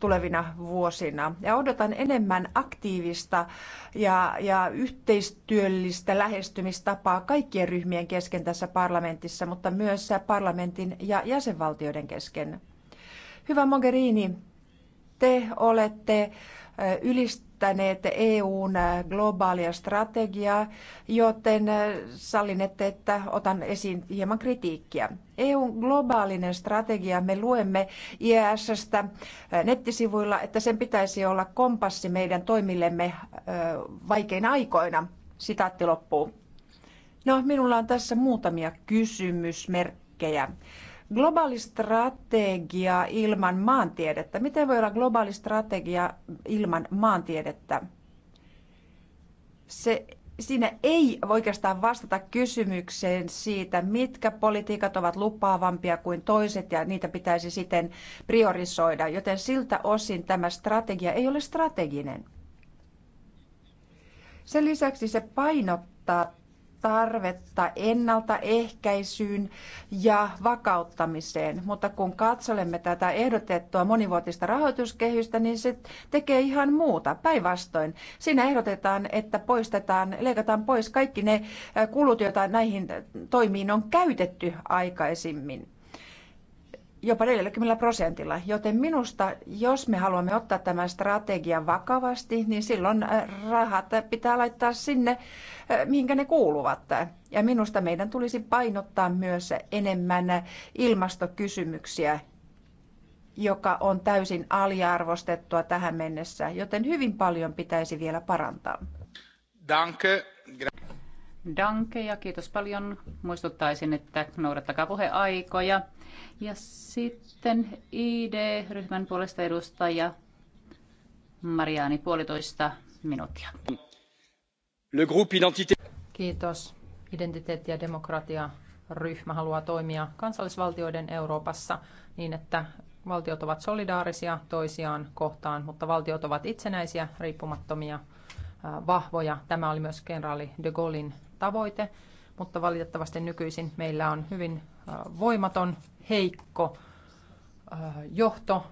tulevina vuosina. Ja odotan enemmän aktiivista ja, ja yhteistyöllistä lähestymistapaa kaikkien ryhmien kesken tässä parlamentissa, mutta myös parlamentin ja jäsenvaltioiden kesken. Hyvä Mogherini, te olette ylist käyttäneet EUn globaalia strategiaa, joten sallinette, että otan esiin hieman kritiikkiä. EUn globaalinen strategia, me luemme IESstä nettisivuilla, että sen pitäisi olla kompassi meidän toimillemme vaikeina aikoina. Sitaatti loppuu. No, minulla on tässä muutamia kysymysmerkkejä. Globaali strategia ilman maantiedettä. Miten voi olla globaali strategia ilman maantiedettä? Se, siinä ei oikeastaan vastata kysymykseen siitä, mitkä politiikat ovat lupaavampia kuin toiset ja niitä pitäisi sitten priorisoida, joten siltä osin tämä strategia ei ole strateginen. Sen lisäksi se painottaa tarvetta ennaltaehkäisyyn ja vakauttamiseen. Mutta kun katselemme tätä ehdotettua monivuotista rahoituskehystä, niin se tekee ihan muuta. Päinvastoin siinä ehdotetaan, että poistetaan, leikataan pois kaikki ne kulut, joita näihin toimiin on käytetty aikaisemmin jopa 40 prosentilla. Joten minusta, jos me haluamme ottaa tämän strategian vakavasti, niin silloin äh, rahat pitää laittaa sinne, äh, mihinkä ne kuuluvat. Ja minusta meidän tulisi painottaa myös enemmän ilmastokysymyksiä, joka on täysin aliarvostettua tähän mennessä, joten hyvin paljon pitäisi vielä parantaa. Danke. Danke ja kiitos paljon. Muistuttaisin, että noudattakaa puheaikoja. Ja sitten ID-ryhmän puolesta edustaja Mariani puolitoista minuuttia. Le groupe identité. Kiitos. Identiteetti- ja demokratia-ryhmä haluaa toimia kansallisvaltioiden Euroopassa niin, että valtiot ovat solidaarisia toisiaan kohtaan, mutta valtiot ovat itsenäisiä, riippumattomia, vahvoja. Tämä oli myös kenraali de Gaullein tavoite, mutta valitettavasti nykyisin meillä on hyvin äh, voimaton, heikko äh, johto,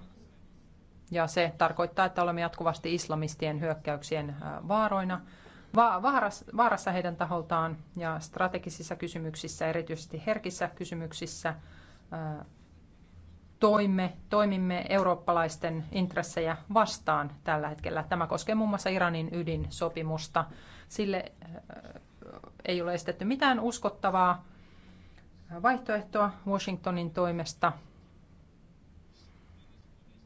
ja se tarkoittaa, että olemme jatkuvasti islamistien hyökkäyksien äh, vaaroina, vaarassa heidän taholtaan ja strategisissa kysymyksissä, erityisesti herkissä kysymyksissä, toimme, toimimme eurooppalaisten intressejä vastaan tällä hetkellä. Tämä koskee muun muassa Iranin ydinsopimusta. Sille ei ole estetty mitään uskottavaa vaihtoehtoa Washingtonin toimesta.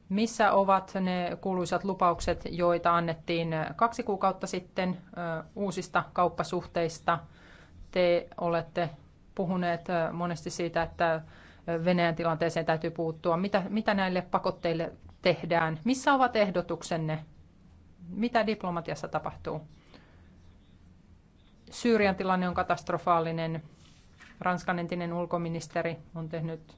Missä ovat ne kuuluisat lupaukset, joita annettiin kaksi kuukautta sitten uusista kauppasuhteista? Te olette puhuneet monesti siitä, että Venäjän tilanteeseen täytyy puuttua. Mitä, mitä näille pakotteille tehdään? Missä ovat ehdotuksenne? Mitä diplomatiassa tapahtuu? Syyrian tilanne on katastrofaalinen. Ranskan entinen ulkoministeri on tehnyt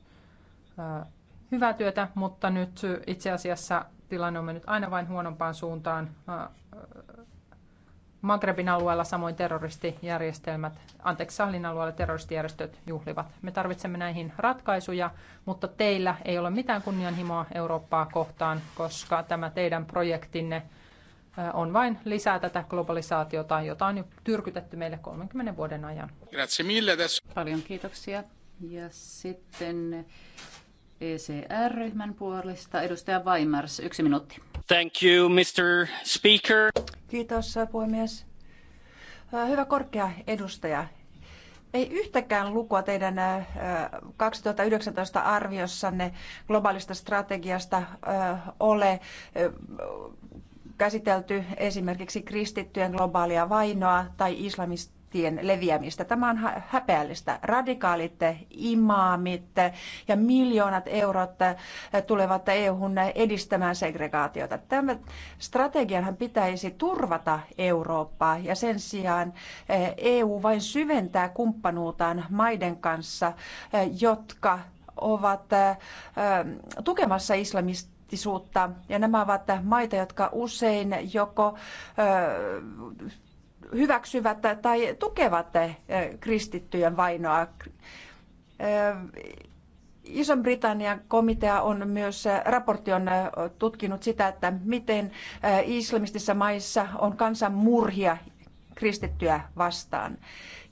hyvää työtä, mutta nyt itse asiassa tilanne on mennyt aina vain huonompaan suuntaan. Magrebin alueella samoin terroristijärjestelmät, anteeksi Sahlin alueella terroristijärjestöt juhlivat. Me tarvitsemme näihin ratkaisuja, mutta teillä ei ole mitään kunnianhimoa Eurooppaa kohtaan, koska tämä teidän projektinne on vain lisää tätä globalisaatiota, jota on jo tyrkytetty meille 30 vuoden ajan. Paljon kiitoksia. Ja sitten ECR-ryhmän puolesta edustaja Weimers, yksi minuutti. Thank you, Mr. Speaker. Kiitos, puhemies. Hyvä korkea edustaja. Ei yhtäkään lukua teidän 2019 arviossanne globaalista strategiasta ole käsitelty esimerkiksi kristittyjen globaalia vainoa tai islamistien leviämistä. Tämä on häpeällistä. Radikaalit imaamit ja miljoonat eurot tulevat EU:hun edistämään segregaatiota. Tämän strategianhan pitäisi turvata Eurooppaa ja sen sijaan EU eh, e vain syventää kumppanuutaan maiden kanssa, eh, jotka ovat eh, tukemassa islamista autenttisuutta. Ja nämä ovat maita, jotka usein joko hyväksyvät tai tukevat kristittyjen vainoa. Ison-Britannian komitea on myös raportti on tutkinut sitä, että miten islamistissa maissa on kansan murhia kristittyä vastaan.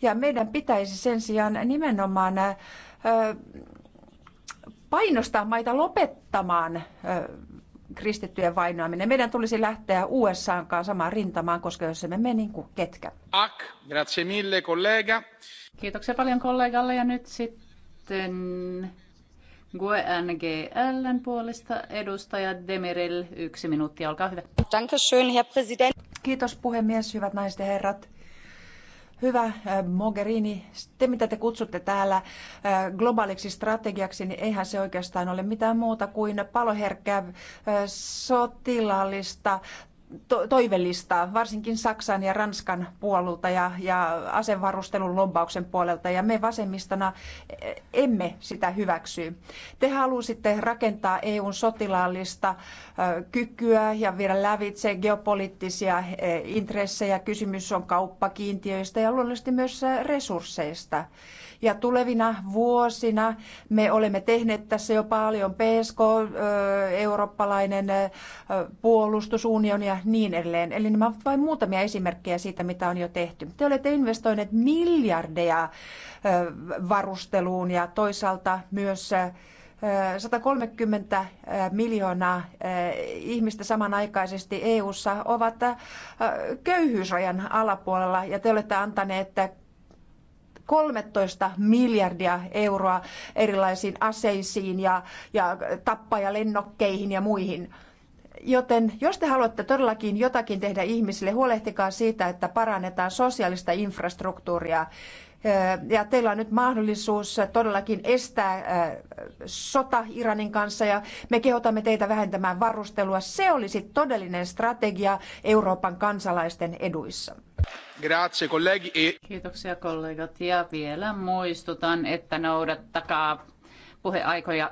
Ja meidän pitäisi sen sijaan nimenomaan painostaa maita lopettamaan kristittyjen vainoaminen. Meidän tulisi lähteä USAan kanssa samaan rintamaan, koska jos emme mene, niin kuin ketkä. Ak, grazie mille, kollega. Kiitoksia paljon kollegalle ja nyt sitten GNGLn puolesta edustaja Demirel, yksi minuutti, olkaa hyvä. schön, Herr Präsident. Kiitos puhemies, hyvät naiset ja herrat. Hyvä äh, Mogherini, te mitä te kutsutte täällä äh, globaaliksi strategiaksi, niin eihän se oikeastaan ole mitään muuta kuin paloherkkää äh, sotilaallista toivellista, varsinkin Saksan ja Ranskan puolelta ja, ja asevarustelun lobbauksen puolelta, ja me vasemmistona eh, emme sitä hyväksy. Te halusitte rakentaa EUn sotilaallista kykyä ja viedä lävitse geopoliittisia eh, intressejä. Kysymys on kauppakiintiöistä ja luonnollisesti myös eh, resursseista. Ja tulevina vuosina me olemme tehneet tässä jo paljon PSK, eurooppalainen puolustusunion ja niin edelleen. Eli nämä ovat vain muutamia esimerkkejä siitä, mitä on jo tehty. Te olette investoineet miljardeja varusteluun ja toisaalta myös 130 miljoonaa ihmistä samanaikaisesti EU:ssa ovat köyhyysrajan alapuolella ja te olette antaneet 13 miljardia euroa erilaisiin aseisiin ja, ja tappajalennokkeihin ja muihin. Joten jos te haluatte todellakin jotakin tehdä ihmisille, huolehtikaa siitä, että parannetaan sosiaalista infrastruktuuria. Ja teillä on nyt mahdollisuus todellakin estää sota Iranin kanssa ja me kehotamme teitä vähentämään varustelua. Se olisi todellinen strategia Euroopan kansalaisten eduissa. Grazie, kollegi. E- Kiitoksia kollegat ja vielä muistutan, että noudattakaa puheaikoja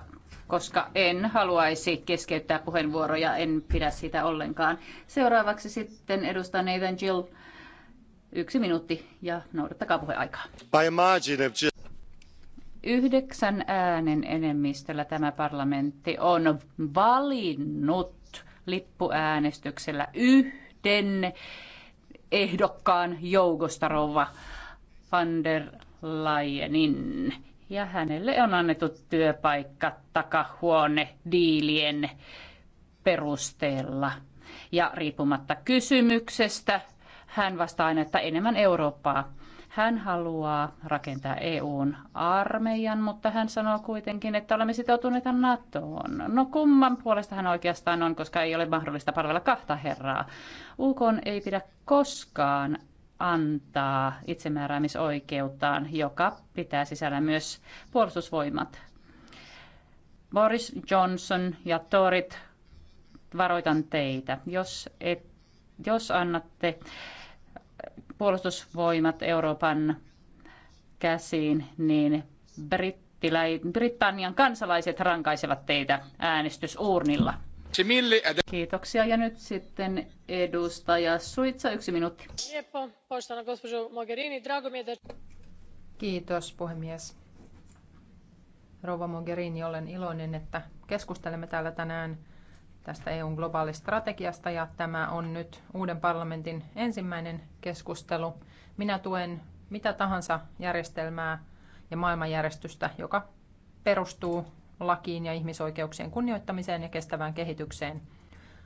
koska en haluaisi keskeyttää puheenvuoroja, en pidä sitä ollenkaan. Seuraavaksi sitten edustaa Nathan Jill. Yksi minuutti ja noudattakaa puheaikaa. Yhdeksän äänen enemmistöllä tämä parlamentti on valinnut lippuäänestyksellä yhden ehdokkaan joukosta rouva van der Leyenin ja hänelle on annettu työpaikka takahuone diilien perusteella. Ja riippumatta kysymyksestä, hän vastaa aina, että enemmän Eurooppaa. Hän haluaa rakentaa EUn armeijan, mutta hän sanoo kuitenkin, että olemme sitoutuneita NATOon. No kumman puolesta hän oikeastaan on, koska ei ole mahdollista palvella kahta herraa. UK ei pidä koskaan antaa itsemääräämisoikeuttaan, joka pitää sisällä myös puolustusvoimat. Boris Johnson ja Torit, varoitan teitä, jos, et, jos annatte puolustusvoimat Euroopan käsiin, niin Brit Britannian kansalaiset rankaisevat teitä äänestysuurnilla. Kiitoksia. Ja nyt sitten edustaja Suitsa, yksi minuutti. Kiitos puhemies. Rouva Mogherini, olen iloinen, että keskustelemme täällä tänään tästä EUn globaalistrategiasta ja tämä on nyt uuden parlamentin ensimmäinen keskustelu. Minä tuen mitä tahansa järjestelmää ja maailmanjärjestystä, joka perustuu lakiin ja ihmisoikeuksien kunnioittamiseen ja kestävään kehitykseen.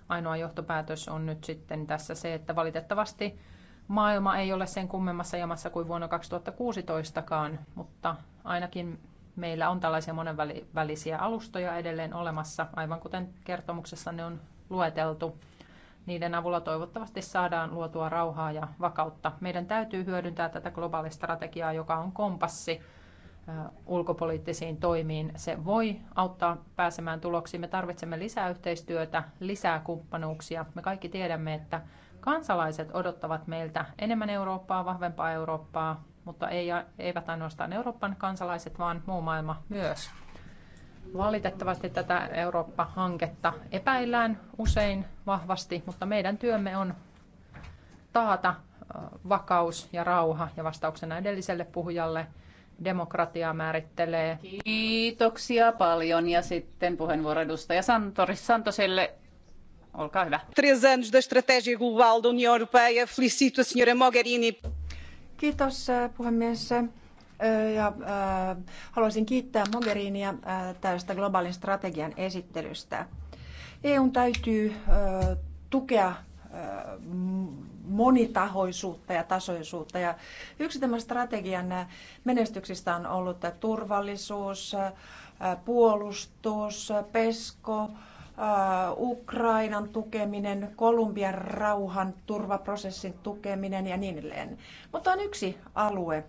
Ainoa johtopäätös on nyt sitten tässä se, että valitettavasti maailma ei ole sen kummemmassa jamassa kuin vuonna 2016kaan, mutta ainakin meillä on tällaisia monenvälisiä alustoja edelleen olemassa, aivan kuten kertomuksessa ne on lueteltu. Niiden avulla toivottavasti saadaan luotua rauhaa ja vakautta. Meidän täytyy hyödyntää tätä globaalistrategiaa, joka on kompassi ulkopoliittisiin toimiin. Se voi auttaa pääsemään tuloksiin. Me tarvitsemme lisää yhteistyötä, lisää kumppanuuksia. Me kaikki tiedämme, että kansalaiset odottavat meiltä enemmän Eurooppaa, vahvempaa Eurooppaa, mutta ei, eivät ainoastaan Euroopan kansalaiset, vaan muu maailma myös. Valitettavasti tätä Eurooppa-hanketta epäillään usein vahvasti, mutta meidän työmme on taata vakaus ja rauha. Ja vastauksena edelliselle puhujalle demokratiaa määrittelee. Kiitoksia paljon ja sitten puheenvuoro edustaja Santori Santoselle. Olkaa hyvä. Tres anos da estratégia global da União Europeia. Felicito a senhora Mogherini. Kiitos eh, puhemies. Eh, ja, äh, haluaisin kiittää Mogherinia äh, tästä globaalin strategian esittelystä. EUn täytyy äh, tukea äh, monitahoisuutta ja tasoisuutta. Ja yksi tämän strategian menestyksistä on ollut turvallisuus, puolustus, pesko, Ukrainan tukeminen, Kolumbian rauhan turvaprosessin tukeminen ja niin edelleen. Mutta on yksi alue,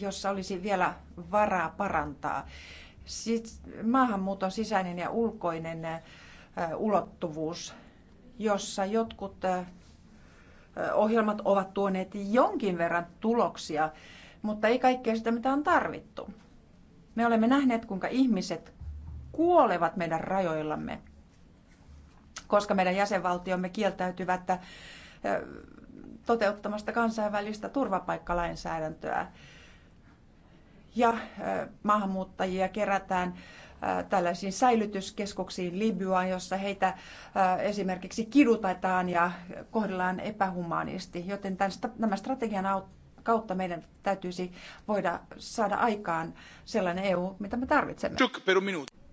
jossa olisi vielä varaa parantaa. Sit maahanmuuton sisäinen ja ulkoinen ulottuvuus, jossa jotkut ohjelmat ovat tuoneet jonkin verran tuloksia, mutta ei kaikkea sitä, mitä on tarvittu. Me olemme nähneet, kuinka ihmiset kuolevat meidän rajoillamme, koska meidän jäsenvaltiomme kieltäytyvät toteuttamasta kansainvälistä turvapaikkalainsäädäntöä. Ja maahanmuuttajia kerätään tällaisiin säilytyskeskuksiin Libyaan, jossa heitä esimerkiksi kidutetaan ja kohdellaan epähumaanisti. Joten tämän, tämän strategian kautta meidän täytyisi voida saada aikaan sellainen EU, mitä me tarvitsemme.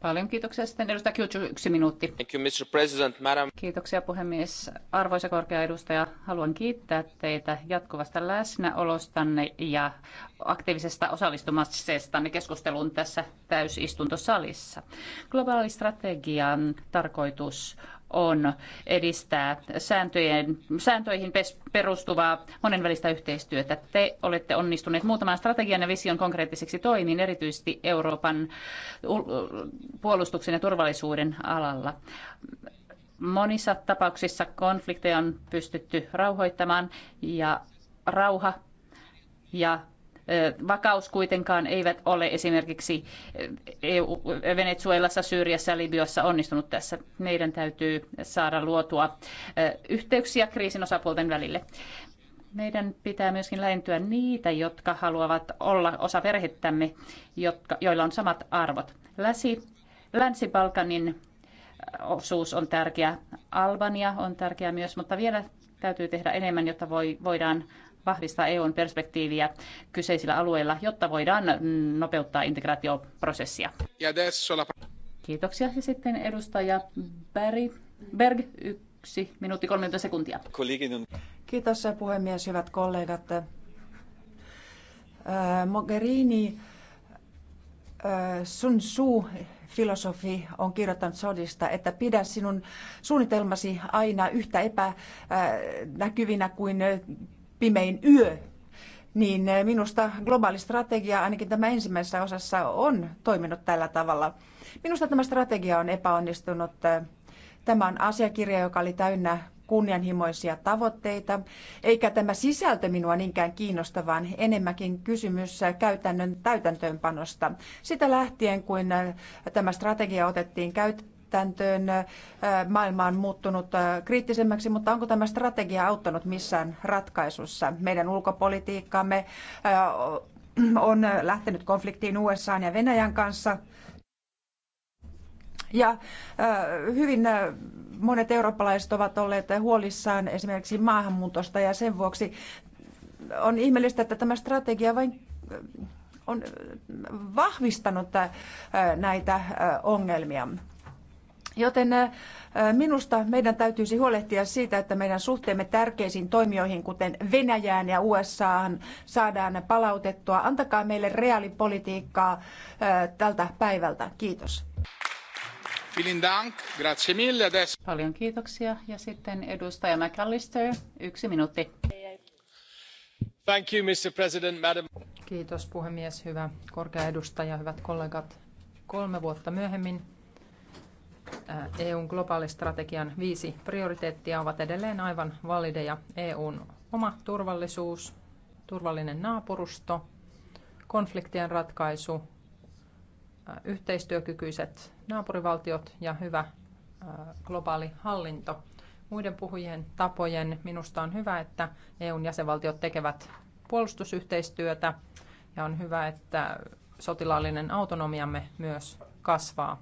Paljon kiitoksia. Sitten edustaja yksi minuutti. Thank you, Mr. President, madam. Kiitoksia puhemies. Arvoisa korkea edustaja, haluan kiittää teitä jatkuvasta läsnäolostanne ja aktiivisesta osallistumisestanne keskusteluun tässä täysistuntosalissa. Globaalistrategian tarkoitus on edistää sääntöjen, sääntöihin perustuvaa monenvälistä yhteistyötä. Te olette onnistuneet muutaman strategian ja vision konkreettisiksi toimiin, erityisesti Euroopan puolustuksen ja turvallisuuden alalla. Monissa tapauksissa konflikteja on pystytty rauhoittamaan ja rauha ja Vakaus kuitenkaan eivät ole esimerkiksi EU, Venezuelassa, Syyriassa ja Libyassa onnistunut tässä. Meidän täytyy saada luotua yhteyksiä kriisin osapuolten välille. Meidän pitää myöskin lähentyä niitä, jotka haluavat olla osa perhettämme, jotka, joilla on samat arvot. Läsi, Länsi-Balkanin osuus on tärkeä, Albania on tärkeä myös, mutta vielä täytyy tehdä enemmän, jotta voi, voidaan vahvistaa EUn perspektiiviä kyseisillä alueilla, jotta voidaan mm, nopeuttaa integraatioprosessia. Kiitoksia. Ja sitten edustaja Berg, Berg yksi minuutti 30 sekuntia. Kiitos puhemies, hyvät kollegat. Äh, Mogherini äh, Sun Tzu, filosofi, on kirjoittanut sodista, että pidä sinun suunnitelmasi aina yhtä epänäkyvinä äh, kuin pimein yö, niin eh, minusta globaali strategia, ainakin tämä ensimmäisessä osassa, on toiminut tällä tavalla. Minusta tämä strategia on epäonnistunut. Tämä on asiakirja, joka oli täynnä kunnianhimoisia tavoitteita, eikä tämä sisältö minua niinkään kiinnosta, vaan enemmänkin kysymys käytännön täytäntöönpanosta. Sitä lähtien, kun eh, tämä strategia otettiin käyttöön, täytäntöön. Maailma on muuttunut kriittisemmäksi, mutta onko tämä strategia auttanut missään ratkaisussa? Meidän ulkopolitiikkaamme on lähtenyt konfliktiin USA ja Venäjän kanssa. Ja hyvin monet eurooppalaiset ovat olleet huolissaan esimerkiksi maahanmuutosta ja sen vuoksi on ihmeellistä, että tämä strategia vain on vahvistanut näitä ongelmia. Joten minusta meidän täytyisi huolehtia siitä, että meidän suhteemme tärkeisiin toimijoihin, kuten Venäjään ja USAan, saadaan palautettua. Antakaa meille reaalipolitiikkaa tältä päivältä. Kiitos. Paljon kiitoksia. Ja sitten edustaja McAllister, yksi minuutti. Thank you, Mr. President, Madam. Kiitos puhemies, hyvä korkea edustaja, hyvät kollegat. Kolme vuotta myöhemmin EUn globaalistrategian viisi prioriteettia ovat edelleen aivan valideja. EUn oma turvallisuus, turvallinen naapurusto, konfliktien ratkaisu, yhteistyökykyiset naapurivaltiot ja hyvä globaali hallinto. Muiden puhujien tapojen minusta on hyvä, että EUn jäsenvaltiot tekevät puolustusyhteistyötä ja on hyvä, että sotilaallinen autonomiamme myös kasvaa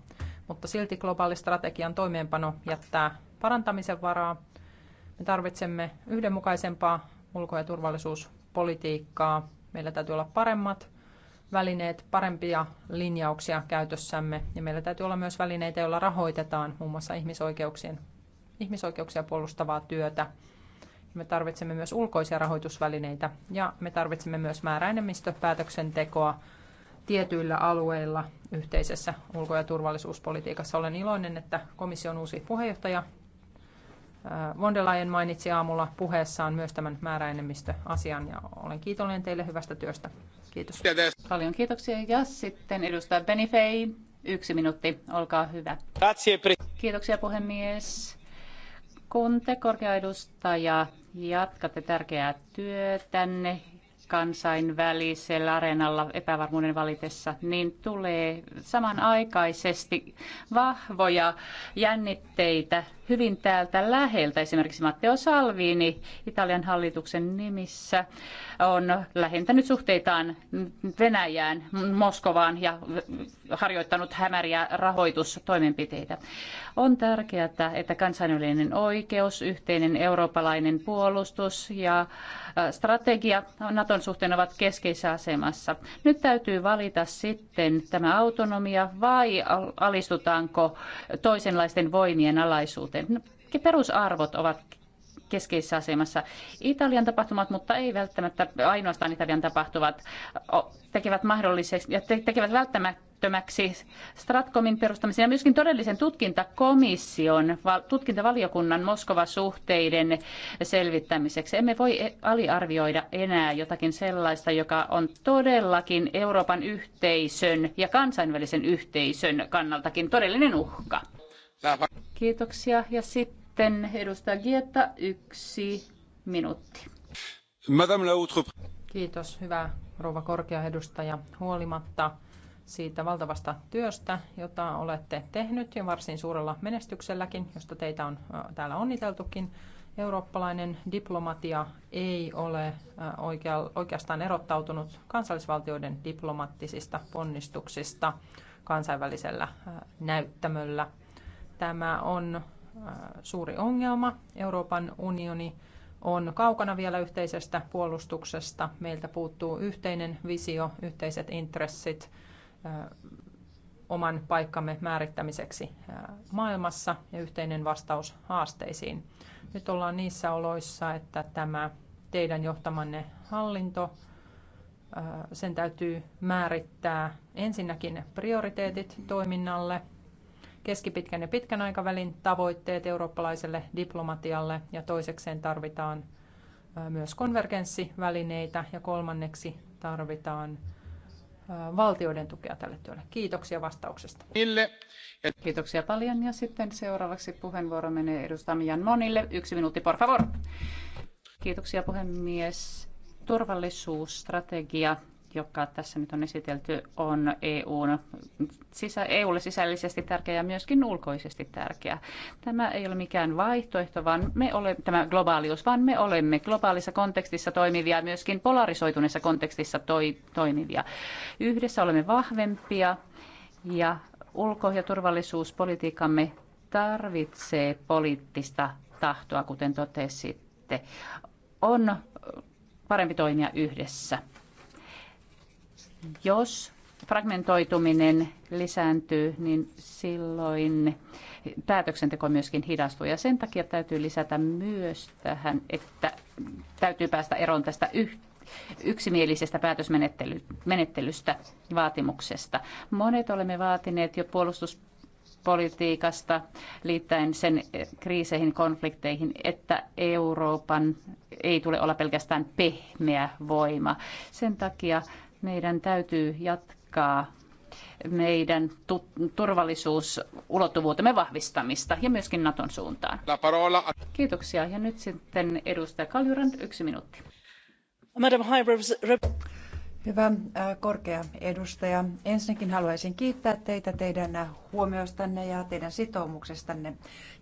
mutta silti globaali strategian toimeenpano jättää parantamisen varaa. Me tarvitsemme yhdenmukaisempaa ulko- ja turvallisuuspolitiikkaa. Meillä täytyy olla paremmat välineet, parempia linjauksia käytössämme ja meillä täytyy olla myös välineitä, joilla rahoitetaan muun muassa ihmisoikeuksien, ihmisoikeuksia puolustavaa työtä. Me tarvitsemme myös ulkoisia rahoitusvälineitä ja me tarvitsemme myös määräenemmistöpäätöksentekoa tietyillä alueilla yhteisessä ulko- ja turvallisuuspolitiikassa. Olen iloinen, että komission uusi puheenjohtaja äh, von der Leyen mainitsi aamulla puheessaan myös tämän määräenemmistöasian ja olen kiitollinen teille hyvästä työstä. Kiitos. Paljon kiitoksia ja sitten edustaja Benifei, yksi minuutti, olkaa hyvä. Kiitoksia puhemies. Kun te korkea edustaja jatkatte tärkeää työtänne kansainvälisellä areenalla epävarmuuden valitessa, niin tulee samanaikaisesti vahvoja jännitteitä hyvin täältä läheltä. Esimerkiksi Matteo Salvini Italian hallituksen nimissä on lähentänyt suhteitaan Venäjään, Moskovaan ja harjoittanut hämäriä rahoitustoimenpiteitä. On tärkeää, että kansainvälinen oikeus, yhteinen eurooppalainen puolustus ja strategia Naton suhteen ovat keskeisessä asemassa. Nyt täytyy valita sitten tämä autonomia vai alistutaanko toisenlaisten voimien alaisuuteen. Niin, no, perusarvot ovat keskeisessä asemassa. Italian tapahtumat, mutta ei välttämättä ainoastaan Italian tapahtuvat, tekevät mahdolliseksi ja te, tekevät välttämättömäksi Stratcomin perustamisen ja myöskin todellisen tutkintakomission, tutkintavaliokunnan Moskova-suhteiden selvittämiseksi. Emme voi aliarvioida enää jotakin sellaista, joka on todellakin Euroopan yhteisön ja kansainvälisen yhteisön kannaltakin todellinen uhka. Kiitoksia. Ja sitten edustaja yksi minuutti. Madame la Kiitos, hyvä rouva korkea edustaja. Huolimatta siitä valtavasta työstä, jota olette tehnyt ja varsin suurella menestykselläkin, josta teitä on täällä onniteltukin. Eurooppalainen diplomatia ei ole oikeastaan erottautunut kansallisvaltioiden diplomaattisista ponnistuksista kansainvälisellä näyttämöllä. Tämä on äh, suuri ongelma. Euroopan unioni on kaukana vielä yhteisestä puolustuksesta. Meiltä puuttuu yhteinen visio, yhteiset intressit äh, oman paikkamme määrittämiseksi äh, maailmassa ja yhteinen vastaus haasteisiin. Nyt ollaan niissä oloissa, että tämä teidän johtamanne hallinto, sen täytyy määrittää ensinnäkin prioriteetit toiminnalle keskipitkän ja pitkän aikavälin tavoitteet eurooppalaiselle diplomatialle ja toisekseen tarvitaan myös konvergenssivälineitä ja kolmanneksi tarvitaan valtioiden tukea tälle työlle. Kiitoksia vastauksesta. Kiitoksia paljon ja sitten seuraavaksi puheenvuoro menee edustaja Monille. Yksi minuutti, por favor. Kiitoksia puhemies. Turvallisuusstrategia joka tässä nyt on esitelty, on EUn, sisä, EUlle sisällisesti tärkeä ja myöskin ulkoisesti tärkeä. Tämä ei ole mikään vaihtoehto, vaan me olemme, tämä globaalius, vaan me olemme globaalissa kontekstissa toimivia ja myöskin polarisoituneessa kontekstissa toi, toimivia. Yhdessä olemme vahvempia ja ulko- ja turvallisuuspolitiikkamme tarvitsee poliittista tahtoa, kuten totesitte. On parempi toimia yhdessä. Jos fragmentoituminen lisääntyy, niin silloin päätöksenteko myöskin hidastuu. Ja sen takia täytyy lisätä myös tähän, että täytyy päästä eroon tästä yksimielisestä päätösmenettelystä vaatimuksesta. Monet olemme vaatineet jo puolustuspolitiikasta liittäen sen kriiseihin, konflikteihin, että Euroopan ei tule olla pelkästään pehmeä voima. Sen takia meidän täytyy jatkaa meidän tu- turvallisuusulottuvuutemme vahvistamista ja myöskin Naton suuntaan. Kiitoksia. Ja nyt sitten edustaja Kaljurand, yksi minuutti. Madam High Hyvä korkea edustaja, ensinnäkin haluaisin kiittää teitä teidän huomioistanne ja teidän sitoumuksestanne.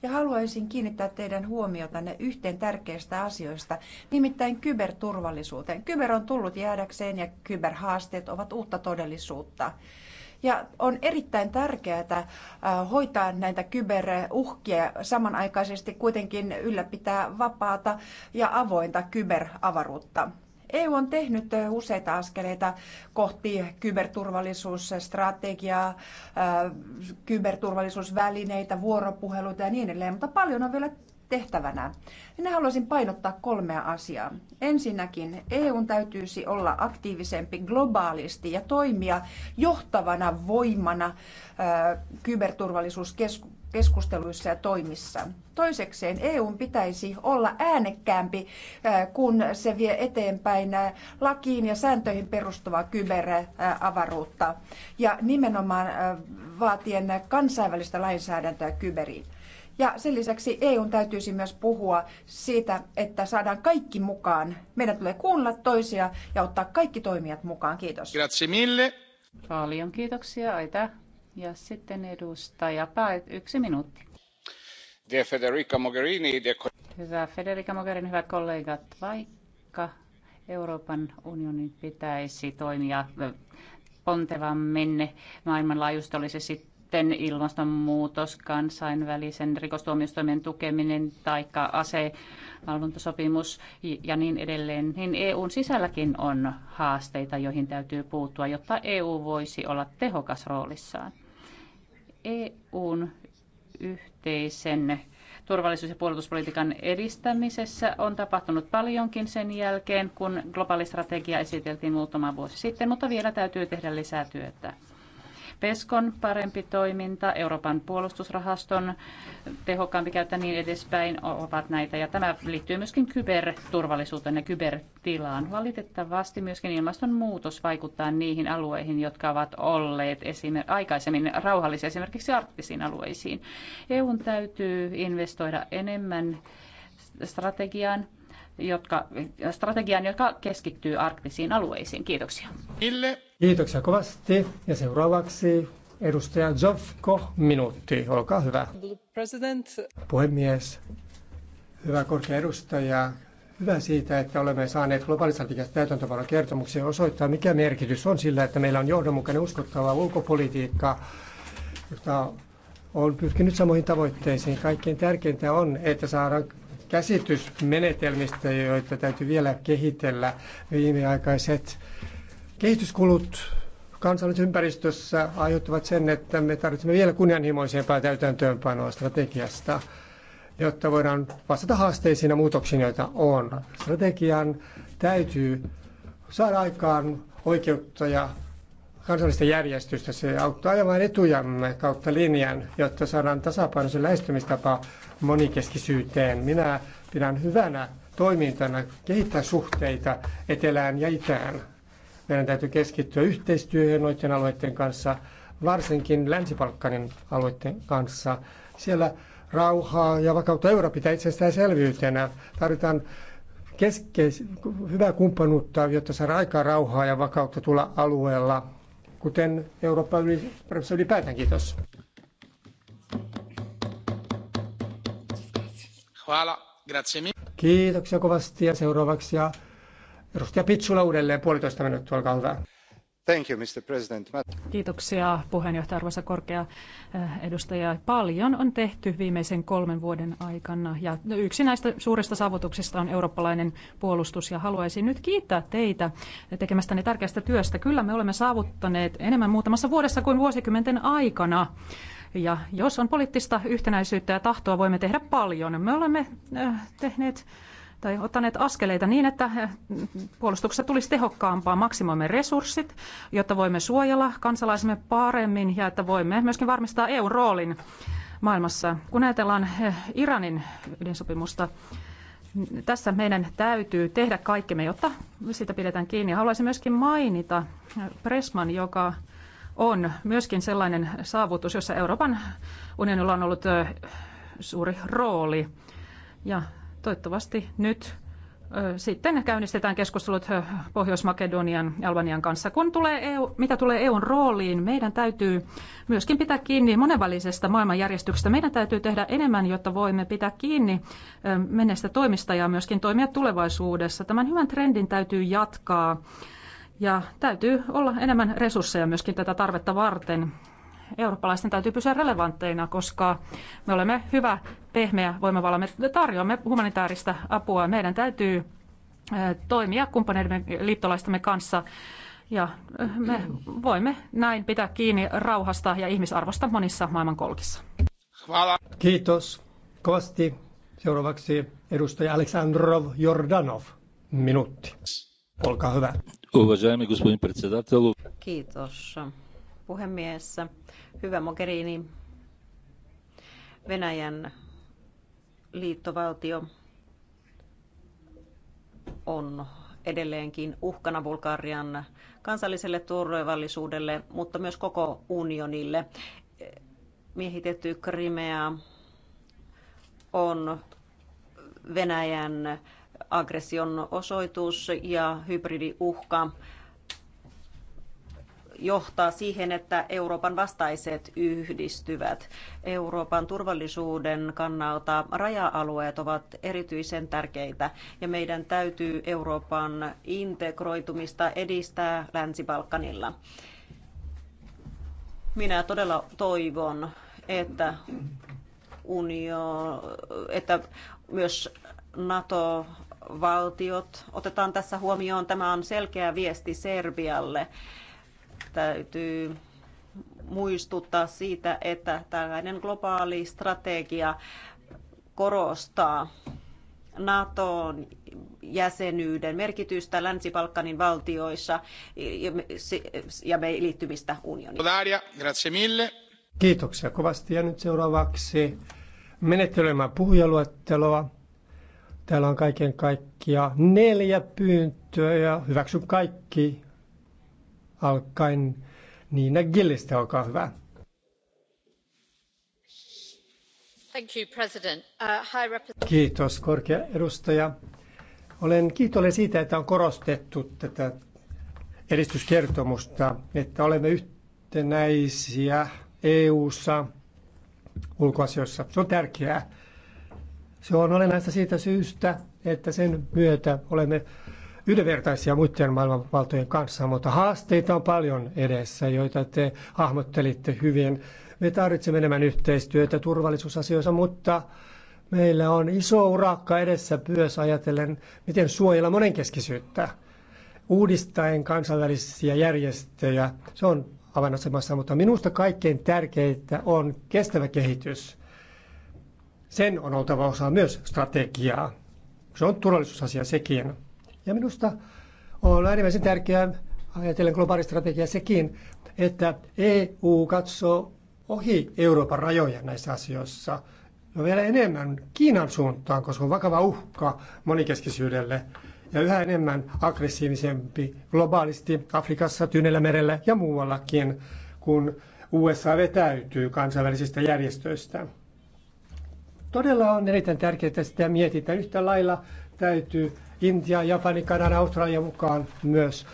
Ja haluaisin kiinnittää teidän huomiotanne yhteen tärkeistä asioista, nimittäin kyberturvallisuuteen. Kyber on tullut jäädäkseen ja kyberhaasteet ovat uutta todellisuutta. Ja on erittäin tärkeää hoitaa näitä kyberuhkia samanaikaisesti kuitenkin ylläpitää vapaata ja avointa kyberavaruutta. EU on tehnyt useita askeleita kohti kyberturvallisuusstrategiaa, kyberturvallisuusvälineitä, vuoropuheluita ja niin edelleen, mutta paljon on vielä tehtävänä. Minä haluaisin painottaa kolmea asiaa. Ensinnäkin EUn täytyisi olla aktiivisempi globaalisti ja toimia johtavana voimana kyberturvallisuuskeskuksessa keskusteluissa ja toimissa. Toisekseen EUn pitäisi olla äänekkäämpi, kun se vie eteenpäin lakiin ja sääntöihin perustuvaa kyberavaruutta ja nimenomaan vaatien kansainvälistä lainsäädäntöä kyberiin. Ja sen lisäksi EUn täytyisi myös puhua siitä, että saadaan kaikki mukaan. Meidän tulee kuunnella toisia ja ottaa kaikki toimijat mukaan. Kiitos. Grazie mille. Paljon kiitoksia. Aita. Ja sitten edustaja Paet, yksi minuutti. Dear Federica Mogherini, dear... Hyvä Federica Mogherini, hyvät kollegat, vaikka Euroopan unionin pitäisi toimia pontevammin maailmanlaajuista oli se sitten ilmastonmuutos, kansainvälisen rikostuomioistuimen tukeminen tai asevalvontasopimus ja niin edelleen, niin EUn sisälläkin on haasteita, joihin täytyy puuttua, jotta EU voisi olla tehokas roolissaan. EUn yhteisen turvallisuus- ja puolustuspolitiikan edistämisessä on tapahtunut paljonkin sen jälkeen, kun globaali strategia esiteltiin muutama vuosi sitten, mutta vielä täytyy tehdä lisää työtä peskon parempi toiminta, Euroopan puolustusrahaston tehokkaampi käyttö niin edespäin ovat näitä. Ja tämä liittyy myöskin kyberturvallisuuteen ja kybertilaan. Valitettavasti myöskin ilmastonmuutos vaikuttaa niihin alueihin, jotka ovat olleet esimer- aikaisemmin rauhallisia, esimerkiksi arktisiin alueisiin. EUn täytyy investoida enemmän strategiaan jotka, strategian, joka keskittyy arktisiin alueisiin. Kiitoksia. Ille. Kiitoksia kovasti. Ja seuraavaksi edustaja Zovko, minuutti. Olkaa hyvä. President. Puhemies, hyvä korkea edustaja, Hyvä siitä, että olemme saaneet globalisaatikästä täytäntövaron kertomuksia osoittaa, mikä merkitys on sillä, että meillä on johdonmukainen uskottava ulkopolitiikka, jota on pyrkinyt samoihin tavoitteisiin. Kaikkein tärkeintä on, että saadaan käsitys menetelmistä, joita täytyy vielä kehitellä. Viimeaikaiset kehityskulut kansallisessa ympäristössä aiheuttavat sen, että me tarvitsemme vielä kunnianhimoisempaa täytäntöönpanoa strategiasta, jotta voidaan vastata haasteisiin ja muutoksiin, joita on. Strategian täytyy saada aikaan oikeutta ja kansallista järjestystä. Se auttaa ajamaan etujamme kautta linjan, jotta saadaan tasapainoisen lähestymistapa monikeskisyyteen. Minä pidän hyvänä toimintana kehittää suhteita etelään ja itään. Meidän täytyy keskittyä yhteistyöhön noiden alueiden kanssa, varsinkin Länsi-Balkanin alueiden kanssa. Siellä rauhaa ja vakautta euro pitää selviytenä. Tarvitaan keskeis- hyvää kumppanuutta, jotta saadaan aikaa rauhaa ja vakautta tulla alueella, kuten Eurooppa yli, ylipäätään. Kiitos. Kiitoksia kovasti ja seuraavaksi ja edustaja Pitsula uudelleen puolitoista minuuttia, olkaa hyvä. Thank you, Mr. President. Kiitoksia puheenjohtaja, arvoisa korkea eh, edustaja. Paljon on tehty viimeisen kolmen vuoden aikana ja yksi näistä suurista saavutuksista on eurooppalainen puolustus ja haluaisin nyt kiittää teitä tekemästäni tärkeästä työstä. Kyllä me olemme saavuttaneet enemmän muutamassa vuodessa kuin vuosikymmenten aikana. Ja jos on poliittista yhtenäisyyttä ja tahtoa, voimme tehdä paljon. Me olemme äh, tehneet tai ottaneet askeleita niin, että äh, puolustuksessa tulisi tehokkaampaa. Maksimoimme resurssit, jotta voimme suojella kansalaisemme paremmin ja että voimme myöskin varmistaa EUn roolin maailmassa. Kun ajatellaan äh, Iranin ydinsopimusta, tässä meidän täytyy tehdä kaikkemme, jotta siitä pidetään kiinni. Haluaisin myöskin mainita Pressman, joka on myöskin sellainen saavutus, jossa Euroopan unionilla on ollut suuri rooli. Ja toivottavasti nyt sitten käynnistetään keskustelut Pohjois-Makedonian ja Albanian kanssa. Kun tulee EU, mitä tulee EUn rooliin, meidän täytyy myöskin pitää kiinni monenvälisestä maailmanjärjestyksestä. Meidän täytyy tehdä enemmän, jotta voimme pitää kiinni menneistä toimista ja myöskin toimia tulevaisuudessa. Tämän hyvän trendin täytyy jatkaa ja täytyy olla enemmän resursseja myöskin tätä tarvetta varten. Eurooppalaisten täytyy pysyä relevantteina, koska me olemme hyvä pehmeä voimavara. Me tarjoamme humanitaarista apua. Meidän täytyy eh, toimia kumppaneidemme liittolaistamme kanssa ja eh, me voimme näin pitää kiinni rauhasta ja ihmisarvosta monissa maailmankolkissa. Kiitos kovasti. Seuraavaksi edustaja Aleksandrov Jordanov, minuutti. Olkaa hyvä. Уважаеми господин Kiitos puhemies. Hyvä Mogherini. Venäjän liittovaltio on edelleenkin uhkana Bulgarian kansalliselle turvallisuudelle, mutta myös koko unionille. Miehitetty Krimea on Venäjän aggression osoitus ja hybridiuhka johtaa siihen, että Euroopan vastaiset yhdistyvät. Euroopan turvallisuuden kannalta raja-alueet ovat erityisen tärkeitä ja meidän täytyy Euroopan integroitumista edistää Länsi-Balkanilla. Minä todella toivon, että unio, että myös NATO-valtiot otetaan tässä huomioon. Tämä on selkeä viesti Serbialle. Täytyy muistuttaa siitä, että tällainen globaali strategia korostaa NATOn jäsenyyden merkitystä Länsi-Balkanin valtioissa ja me liittymistä unioniin. Kiitoksia kovasti. Ja nyt seuraavaksi menettelemään puhujaluetteloa. Täällä on kaiken kaikkia neljä pyyntöä ja hyväksyn kaikki alkaen Niina Gillistä, olkaa hyvä. Thank you, President. Uh, high representative. Kiitos korkea edustaja. Olen kiitollinen siitä, että on korostettu tätä edistyskertomusta, että olemme yhtenäisiä EU-ssa ulkoasioissa. Se on tärkeää se on olennaista siitä syystä, että sen myötä olemme yhdenvertaisia muiden maailmanvaltojen kanssa, mutta haasteita on paljon edessä, joita te hahmottelitte hyvin. Me tarvitsemme enemmän yhteistyötä turvallisuusasioissa, mutta meillä on iso urakka edessä myös ajatellen, miten suojella monenkeskisyyttä uudistaen kansainvälisiä järjestöjä. Se on avainasemassa, mutta minusta kaikkein tärkeintä on kestävä kehitys. Sen on oltava osa myös strategiaa. Se on turvallisuusasia sekin. Ja minusta on äärimmäisen tärkeää, ajatellen globaalistrategiaa sekin, että EU katsoo ohi Euroopan rajoja näissä asioissa. No vielä enemmän Kiinan suuntaan, koska on vakava uhka monikeskisyydelle ja yhä enemmän aggressiivisempi globaalisti Afrikassa, Tyynellä merellä ja muuallakin, kun USA vetäytyy kansainvälisistä järjestöistä. Todella on erittäin tärkeää, että sitä mietitään. Yhtä lailla täytyy Intia, Japani, Kanada, Australia mukaan myös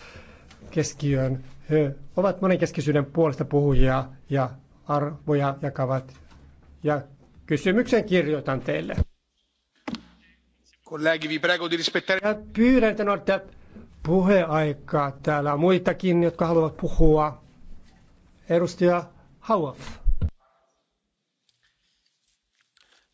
keskiöön. He ovat monenkeskisyyden puolesta puhujia ja arvoja jakavat. Ja kysymyksen kirjoitan teille. Kollegi, vi prego di rispettare... Ja pyydän, että noita puheaikaa. Täällä on muitakin, jotka haluavat puhua. Edustaja Hauaf.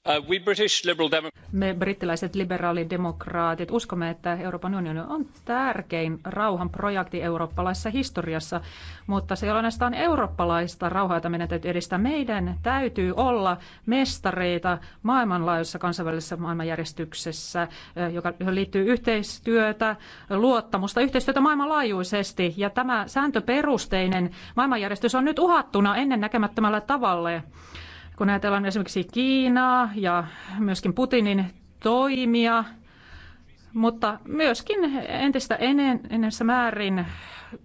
Uh, Me brittiläiset liberaalidemokraatit uskomme, että Euroopan unioni on tärkein rauhanprojekti eurooppalaisessa historiassa, mutta se ei ole ainoastaan eurooppalaista rauhaa, jota meidän täytyy edistää. Meidän täytyy olla mestareita maailmanlaajuisessa kansainvälisessä maailmanjärjestyksessä, uh, joka liittyy yhteistyötä, luottamusta, yhteistyötä maailmanlaajuisesti. Ja tämä sääntöperusteinen maailmanjärjestys on nyt uhattuna ennen näkemättömällä tavalla kun ajatellaan esimerkiksi Kiinaa ja myöskin Putinin toimia, mutta myöskin entistä enemmän määrin,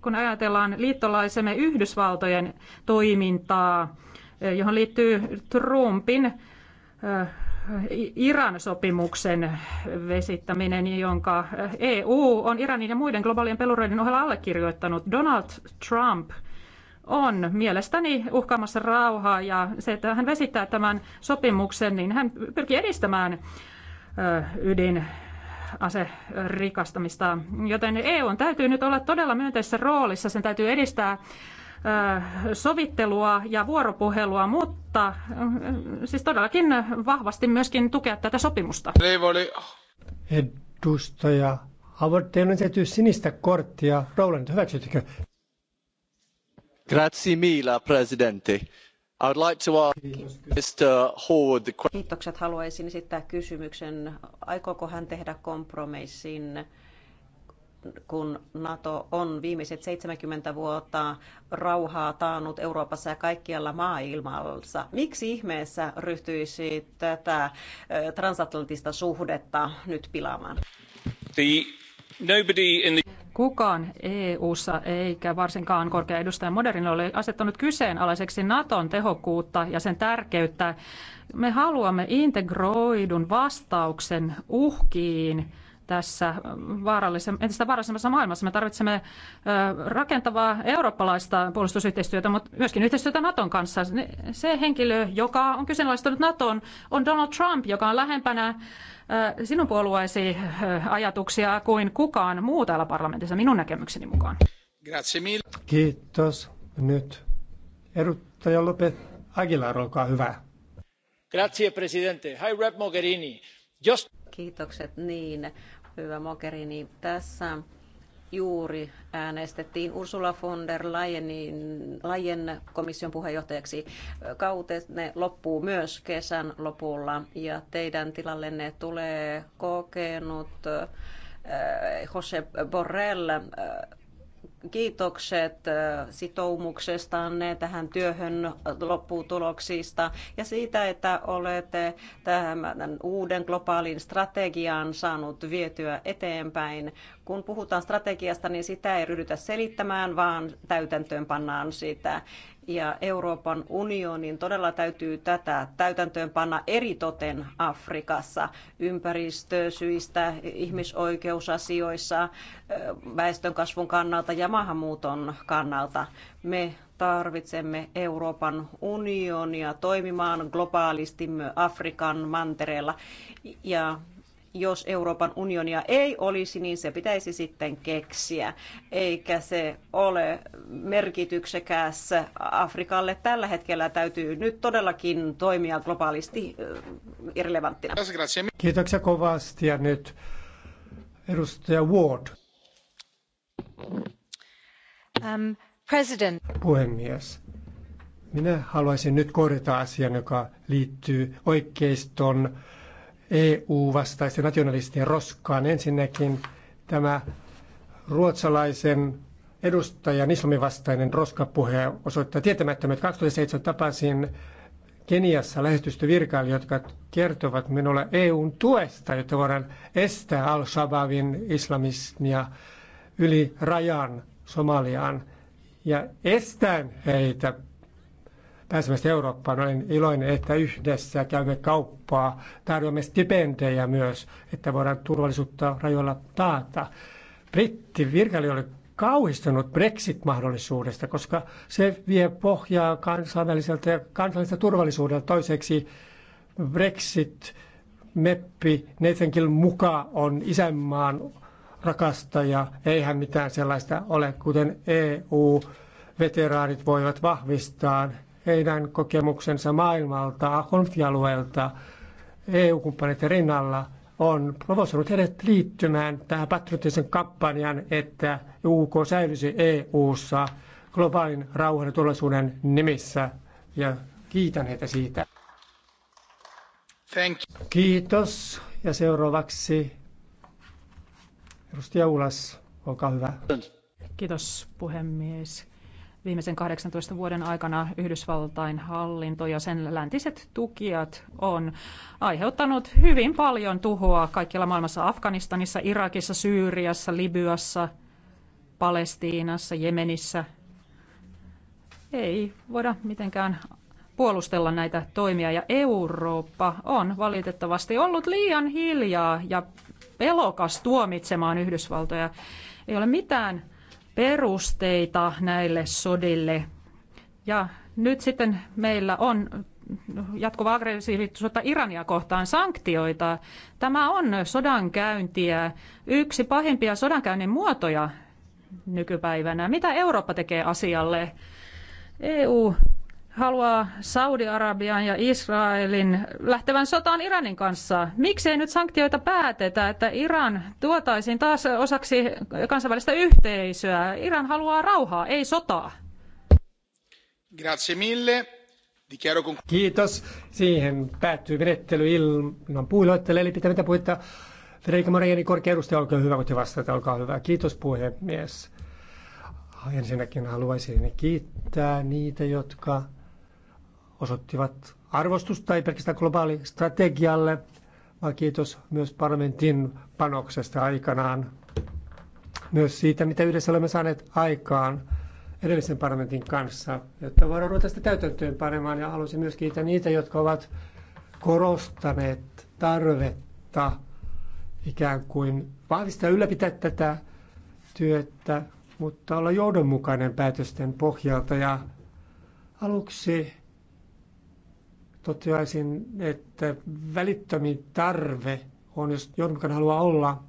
kun ajatellaan liittolaisemme Yhdysvaltojen toimintaa, johon liittyy Trumpin äh, Iran-sopimuksen vesittäminen, jonka äh, EU on Iranin ja muiden globaalien pelureiden ohella allekirjoittanut. Donald Trump – on mielestäni uhkaamassa rauhaa ja se, että hän vesittää tämän sopimuksen, niin hän pyrkii edistämään ydin rikastamista. Joten EU on täytyy nyt olla todella myönteisessä roolissa. Sen täytyy edistää sovittelua ja vuoropuhelua, mutta siis todellakin vahvasti myöskin tukea tätä sopimusta. Edustaja avoitteen teillä on sinistä korttia. Roland, hyväksytkö? Kiitokset. Haluaisin esittää kysymyksen, aikooko hän tehdä kompromissin kun NATO on viimeiset 70 vuotta rauhaa taannut Euroopassa ja kaikkialla maailmassa. Miksi ihmeessä ryhtyisi tätä transatlanttista suhdetta nyt pilaamaan? The, nobody in the... Kukaan EU-ssa eikä varsinkaan korkea edustaja Moderin ole asettanut kyseenalaiseksi Naton tehokkuutta ja sen tärkeyttä. Me haluamme integroidun vastauksen uhkiin tässä entistä vaarallisemmassa maailmassa. Me tarvitsemme rakentavaa eurooppalaista puolustusyhteistyötä, mutta myöskin yhteistyötä Naton kanssa. Se henkilö, joka on kyseenalaistanut Naton, on Donald Trump, joka on lähempänä sinun puolueesi ajatuksia kuin kukaan muu täällä parlamentissa minun näkemykseni mukaan. Kiitos. Nyt edustaja Lope Aguilar, olkaa hyvä. Grazie, presidente. hi Rep Mogherini. Just... Kiitokset niin, hyvä Mogherini. Tässä juuri äänestettiin Ursula von der Leyenin, Leyen komission puheenjohtajaksi. Kautenne loppuu myös kesän lopulla ja teidän tilallenne tulee kokenut äh, Jose Borrell äh, kiitokset äh, sitoumuksestanne tähän työhön lopputuloksista ja siitä, että olette tämän uuden globaalin strategian saanut vietyä eteenpäin kun puhutaan strategiasta, niin sitä ei ryhdytä selittämään, vaan täytäntöönpannaan sitä. Ja Euroopan unionin todella täytyy tätä täytäntöönpanna eri eritoten Afrikassa ympäristösyistä, ihmisoikeusasioissa, väestönkasvun kannalta ja maahanmuuton kannalta. Me tarvitsemme Euroopan unionia toimimaan globaalisti Afrikan mantereella ja jos Euroopan unionia ei olisi, niin se pitäisi sitten keksiä, eikä se ole merkityksekäs Afrikalle tällä hetkellä. Täytyy nyt todellakin toimia globaalisti irrelevanttina. Kiitoksia kovasti ja nyt edustaja Ward. Um, president. Puhemies. Minä haluaisin nyt korjata asian, joka liittyy oikeiston EU-vastaisten nationalistien roskaan. Ensinnäkin tämä ruotsalaisen edustajan islamivastainen roskapuhe osoittaa tietämättömät. 2007 tapasin Keniassa lähestystyvirkailijat, jotka kertovat minulle EUn tuesta, jotta voidaan estää al-Shabaabin islamismia yli rajan Somaliaan ja estään heitä pääsemästä Eurooppaan. Olen iloinen, että yhdessä käymme kauppaa, tarjoamme stipendejä myös, että voidaan turvallisuutta rajoilla taata. Britti virkailija oli kauhistunut Brexit-mahdollisuudesta, koska se vie pohjaa kansainväliseltä ja kansalliselta turvallisuudelta. Toiseksi Brexit meppi Nathan muka on isänmaan rakastaja, eihän mitään sellaista ole, kuten EU-veteraanit voivat vahvistaa heidän kokemuksensa maailmalta, konfialueelta, EU-kumppaneiden rinnalla on provosoinut heidät liittymään tähän patriottisen kampanjan, että UK säilyisi EU-ssa globaalin rauhan ja turvallisuuden nimissä. Ja kiitän heitä siitä. Thank you. Kiitos. Ja seuraavaksi edustaja Ulas, olkaa hyvä. Kiitos puhemies viimeisen 18 vuoden aikana Yhdysvaltain hallinto ja sen läntiset tukijat on aiheuttanut hyvin paljon tuhoa kaikkialla maailmassa Afganistanissa, Irakissa, Syyriassa, Libyassa, Palestiinassa, Jemenissä. Ei voida mitenkään puolustella näitä toimia ja Eurooppa on valitettavasti ollut liian hiljaa ja pelokas tuomitsemaan Yhdysvaltoja. Ei ole mitään perusteita näille sodille. Ja nyt sitten meillä on jatkuva aggressiivisuutta Irania kohtaan sanktioita. Tämä on sodankäyntiä, yksi pahimpia sodankäynnin muotoja nykypäivänä. Mitä Eurooppa tekee asialle? EU haluaa Saudi-Arabian ja Israelin lähtevän sotaan Iranin kanssa. Miksei nyt sanktioita päätetä, että Iran tuotaisiin taas osaksi kansainvälistä yhteisöä? Iran haluaa rauhaa, ei sotaa. Grazie mille. Kiitos. Siihen päättyy menettely ilman puiloittele, eli pitämättä puhetta. Federica Moreira, korkea edustaja, olkaa hyvä, voitte vastata, olkaa hyvä. Kiitos puhemies ensinnäkin haluaisin kiittää niitä, jotka osoittivat arvostusta ei pelkästään globaali strategialle, vaan kiitos myös parlamentin panoksesta aikanaan. Myös siitä, mitä yhdessä olemme saaneet aikaan edellisen parlamentin kanssa, jotta voidaan ruveta sitä täytäntöön panemaan. Ja haluaisin myös kiittää niitä, jotka ovat korostaneet tarvetta ikään kuin vahvistaa ylläpitää tätä työtä, mutta olla johdonmukainen päätösten pohjalta. Ja aluksi toteaisin, että välittömin tarve on, jos jonkun haluaa olla,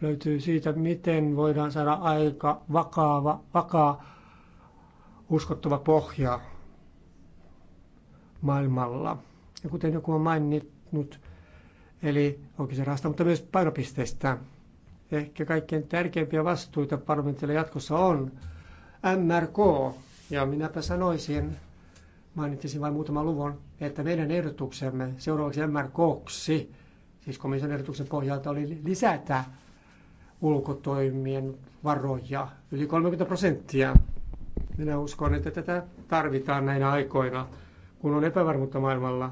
löytyy siitä, miten voidaan saada aika vakaava, vakaa, uskottava pohja maailmalla. Ja kuten joku on maininnut, eli onkin se rasta, mutta myös painopisteistä. Ehkä kaikkein tärkeimpiä vastuita parlamentille jatkossa on MRK. Ja minäpä sanoisin, Mainitsisin vain muutaman luvun, että meidän ehdotuksemme seuraavaksi MRKksi, siis komission ehdotuksen pohjalta, oli lisätä ulkotoimien varoja yli 30 prosenttia. Minä uskon, että tätä tarvitaan näinä aikoina, kun on epävarmuutta maailmalla.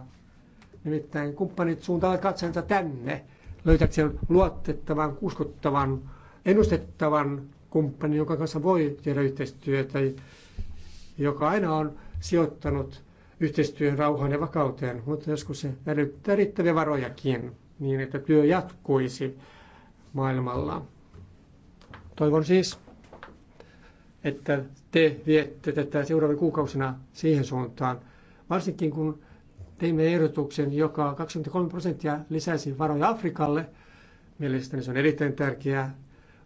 Nimittäin kumppanit suuntaavat katseensa tänne, löytäkseen luotettavan, uskottavan, ennustettavan kumppanin, jonka kanssa voi tehdä yhteistyötä, joka aina on sijoittanut yhteistyön rauhaan ja vakauteen, mutta joskus se edellyttää riittäviä varojakin niin, että työ jatkuisi maailmalla. Toivon siis, että te viette tätä seuraavien kuukausina siihen suuntaan, varsinkin kun teimme ehdotuksen, joka 23 prosenttia lisäisi varoja Afrikalle. Mielestäni se on erittäin tärkeää.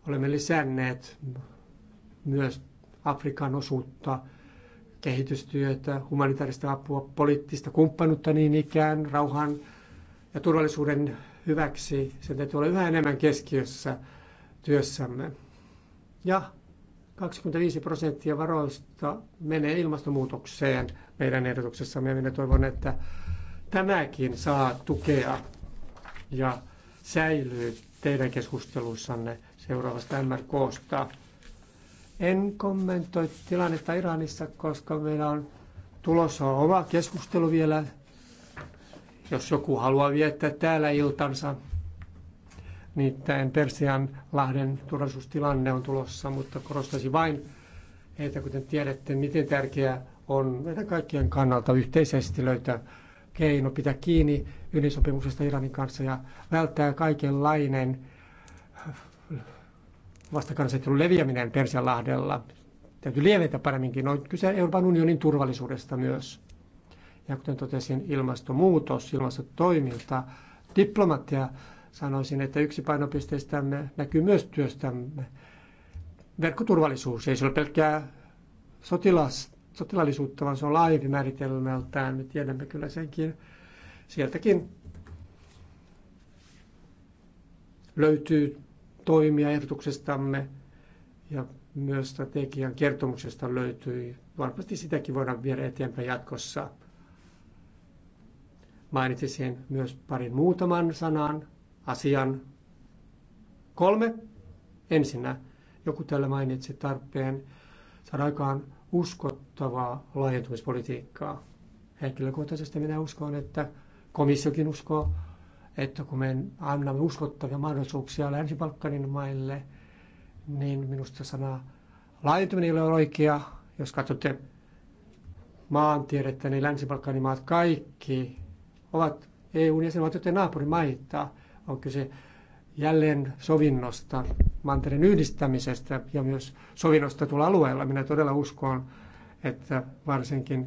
Olemme lisänneet myös Afrikan osuutta kehitystyötä, humanitaarista apua, poliittista kumppanuutta niin ikään, rauhan ja turvallisuuden hyväksi. sen täytyy olla yhä enemmän keskiössä työssämme. Ja 25 prosenttia varoista menee ilmastonmuutokseen meidän ehdotuksessamme. Minä toivon, että tämäkin saa tukea ja säilyy teidän keskusteluissanne seuraavasta MRKsta. En kommentoi tilannetta Iranissa, koska meillä on tulossa oma keskustelu vielä, jos joku haluaa viettää täällä iltansa. Niittäin Persian lahden turvallisuustilanne on tulossa, mutta korostaisin vain, että kuten tiedätte, miten tärkeää on meidän kaikkien kannalta yhteisesti löytää keino pitää kiinni ydinsopimuksesta Iranin kanssa ja välttää kaikenlainen vastakansettelun leviäminen Persianlahdella. Täytyy lievetä paremminkin. On no, kyse Euroopan unionin turvallisuudesta myös. Ja kuten totesin, ilmastonmuutos, ilmastotoiminta, diplomatia, sanoisin, että yksi painopisteistämme näkyy myös työstämme. Verkkoturvallisuus ei se ole pelkkää sotilas, sotilallisuutta, vaan se on laajempi määritelmältään. Me tiedämme kyllä senkin. Sieltäkin löytyy toimia ehdotuksestamme ja myös strategian kertomuksesta löytyy. Varmasti sitäkin voidaan viedä eteenpäin jatkossa. Mainitsisin myös parin muutaman sanan asian. Kolme. Ensinnä joku täällä mainitsi tarpeen saada aikaan uskottavaa laajentumispolitiikkaa. Henkilökohtaisesti minä uskon, että komissiokin uskoo että kun me annamme uskottavia mahdollisuuksia Länsi-Balkanin maille, niin minusta sana laajentuminen ei ole oikea. Jos katsotte maantiedettä, niin Länsi-Balkanin maat kaikki ovat EUn joten naapurimaita. On kyse jälleen sovinnosta, mantereen yhdistämisestä ja myös sovinnosta tuolla alueella. Minä todella uskon, että varsinkin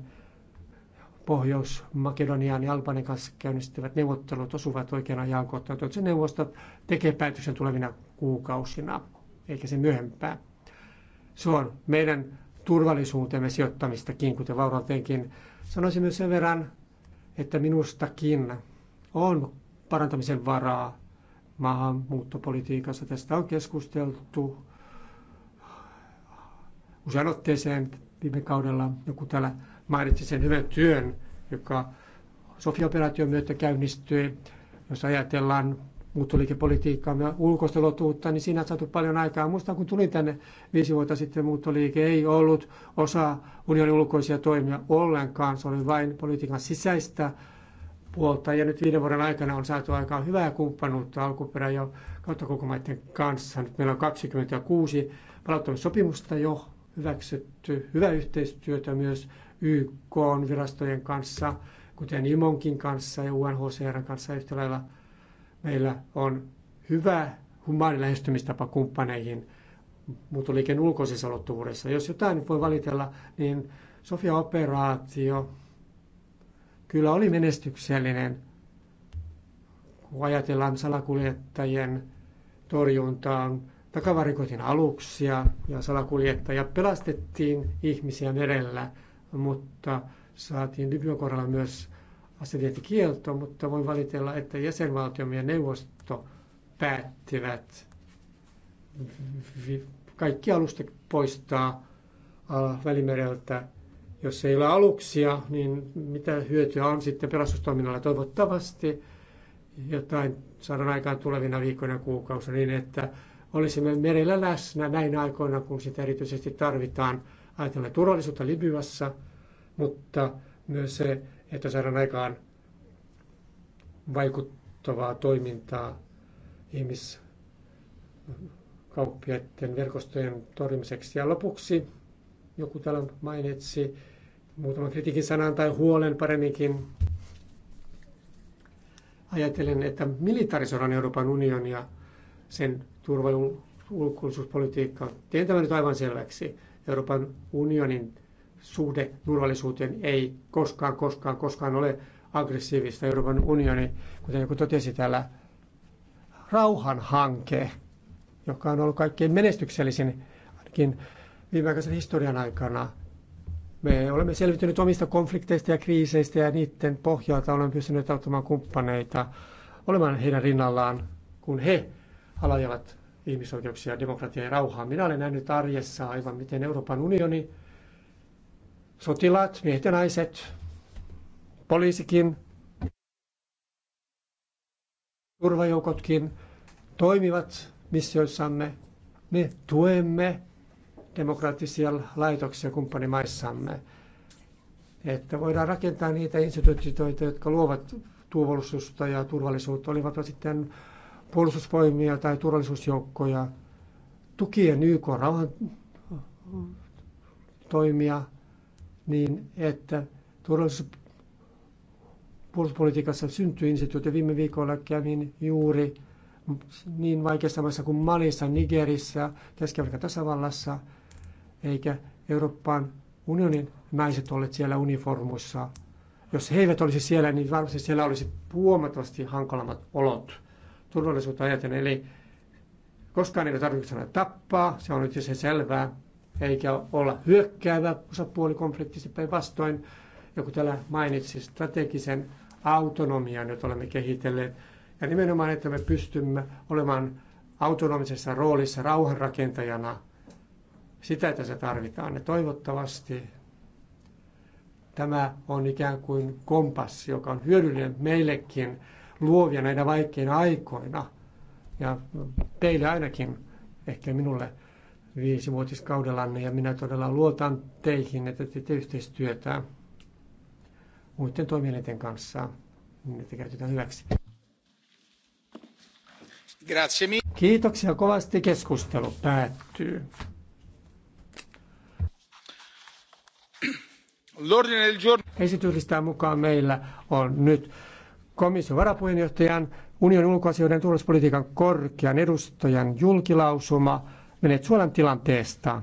Pohjois-Makedonian ja Albanian kanssa käynnistyvät neuvottelut osuvat oikeana ajankohtaan. Toivottavasti neuvosto tekee päätöksen tulevina kuukausina, eikä se myöhempää. Se on meidän turvallisuutemme sijoittamistakin, kuten vaurauteenkin. Sanoisin myös sen verran, että minustakin on parantamisen varaa maahanmuuttopolitiikassa. Tästä on keskusteltu usean otteeseen viime kaudella. Joku täällä mainitsi sen hyvän työn, joka Sofia-operaation myötä käynnistyi. Jos ajatellaan muuttoliikepolitiikkaa ja ulkoista niin siinä on saatu paljon aikaa. Muistan, kun tulin tänne viisi vuotta sitten, muuttoliike ei ollut osa unionin ulkoisia toimia ollenkaan. Se oli vain politiikan sisäistä puolta. Ja nyt viiden vuoden aikana on saatu aikaa hyvää kumppanuutta alkuperä- ja maiden kanssa. Nyt meillä on 26 palauttamissopimusta jo hyväksytty, hyvää yhteistyötä myös YK-virastojen kanssa, kuten Imonkin kanssa ja UNHCR kanssa yhtä lailla. Meillä on hyvä humaani lähestymistapa kumppaneihin muuttoliikkeen ulkoisessa ulottuvuudessa. Jos jotain voi valitella, niin Sofia-operaatio kyllä oli menestyksellinen, kun ajatellaan salakuljettajien torjuntaa, takavarikoitin aluksia ja salakuljettajia pelastettiin ihmisiä merellä – mutta saatiin Libyan kohdalla myös asedientikielto, mutta voi valitella, että jäsenvaltiomme ja neuvosto päättivät kaikki alustat poistaa Välimereltä. Jos ei ole aluksia, niin mitä hyötyä on sitten pelastustoiminnalla? Toivottavasti jotain saadaan aikaan tulevina viikkoina kuukausina niin, että olisimme merellä läsnä näin aikoina, kun sitä erityisesti tarvitaan – ajatellen turvallisuutta Libyassa, mutta myös se, että saadaan aikaan vaikuttavaa toimintaa ihmiskauppiaiden verkostojen torjumiseksi. Ja lopuksi joku täällä mainitsi muutaman kritiikin sanan tai huolen paremminkin. Ajattelen, että militarisoidaan Euroopan unionia sen turvallisuuspolitiikkaan. Teen tämän nyt aivan selväksi. Euroopan unionin suhde turvallisuuteen ei koskaan, koskaan, koskaan ole aggressiivista. Euroopan unioni, kuten joku totesi täällä, rauhan hanke, joka on ollut kaikkein menestyksellisin ainakin viimeaikaisen historian aikana. Me olemme selvityneet omista konflikteista ja kriiseistä ja niiden pohjalta olemme pystyneet auttamaan kumppaneita olemaan heidän rinnallaan, kun he halajavat ihmisoikeuksia, demokratiaa ja rauhaa. Minä olen nähnyt arjessa aivan miten Euroopan unioni, sotilaat, miehet ja naiset, poliisikin, turvajoukotkin toimivat missioissamme. Me tuemme demokraattisia laitoksia kumppanimaissamme, että voidaan rakentaa niitä instituutioita, jotka luovat turvallisuutta ja turvallisuutta, olivat sitten puolustusvoimia tai turvallisuusjoukkoja, tukien YK rauhan toimia niin, että turvallisuus puolustuspolitiikassa syntyi instituutio. Viime viikolla kävin juuri niin vaikeassa maassa kuin Malissa, Nigerissä, keski tasavallassa, eikä Euroopan unionin naiset olleet siellä uniformussa. Jos he eivät olisi siellä, niin varmasti siellä olisi huomattavasti hankalammat olot turvallisuutta ajatellen. Eli koskaan ei ole tarvitse sanoa tappaa, se on nyt jo se selvää, eikä olla hyökkäävä osapuoli konfliktissa päinvastoin. Joku täällä mainitsi strategisen autonomian, jota olemme kehitelleet. Ja nimenomaan, että me pystymme olemaan autonomisessa roolissa rauhanrakentajana. Sitä tässä tarvitaan. Ja toivottavasti tämä on ikään kuin kompassi, joka on hyödyllinen meillekin luovia näinä vaikeina aikoina. Ja teille ainakin, ehkä minulle viisivuotiskaudellanne, ja minä todella luotan teihin, että teette yhteistyötä muiden toimielinten kanssa, niin että käytetään hyväksi. Kiitoksia kovasti. Keskustelu päättyy. Esityslistään mukaan meillä on nyt komission varapuheenjohtajan, unionin ulkoasioiden turvallisuuspolitiikan korkean edustajan julkilausuma Venezuelan tilanteesta.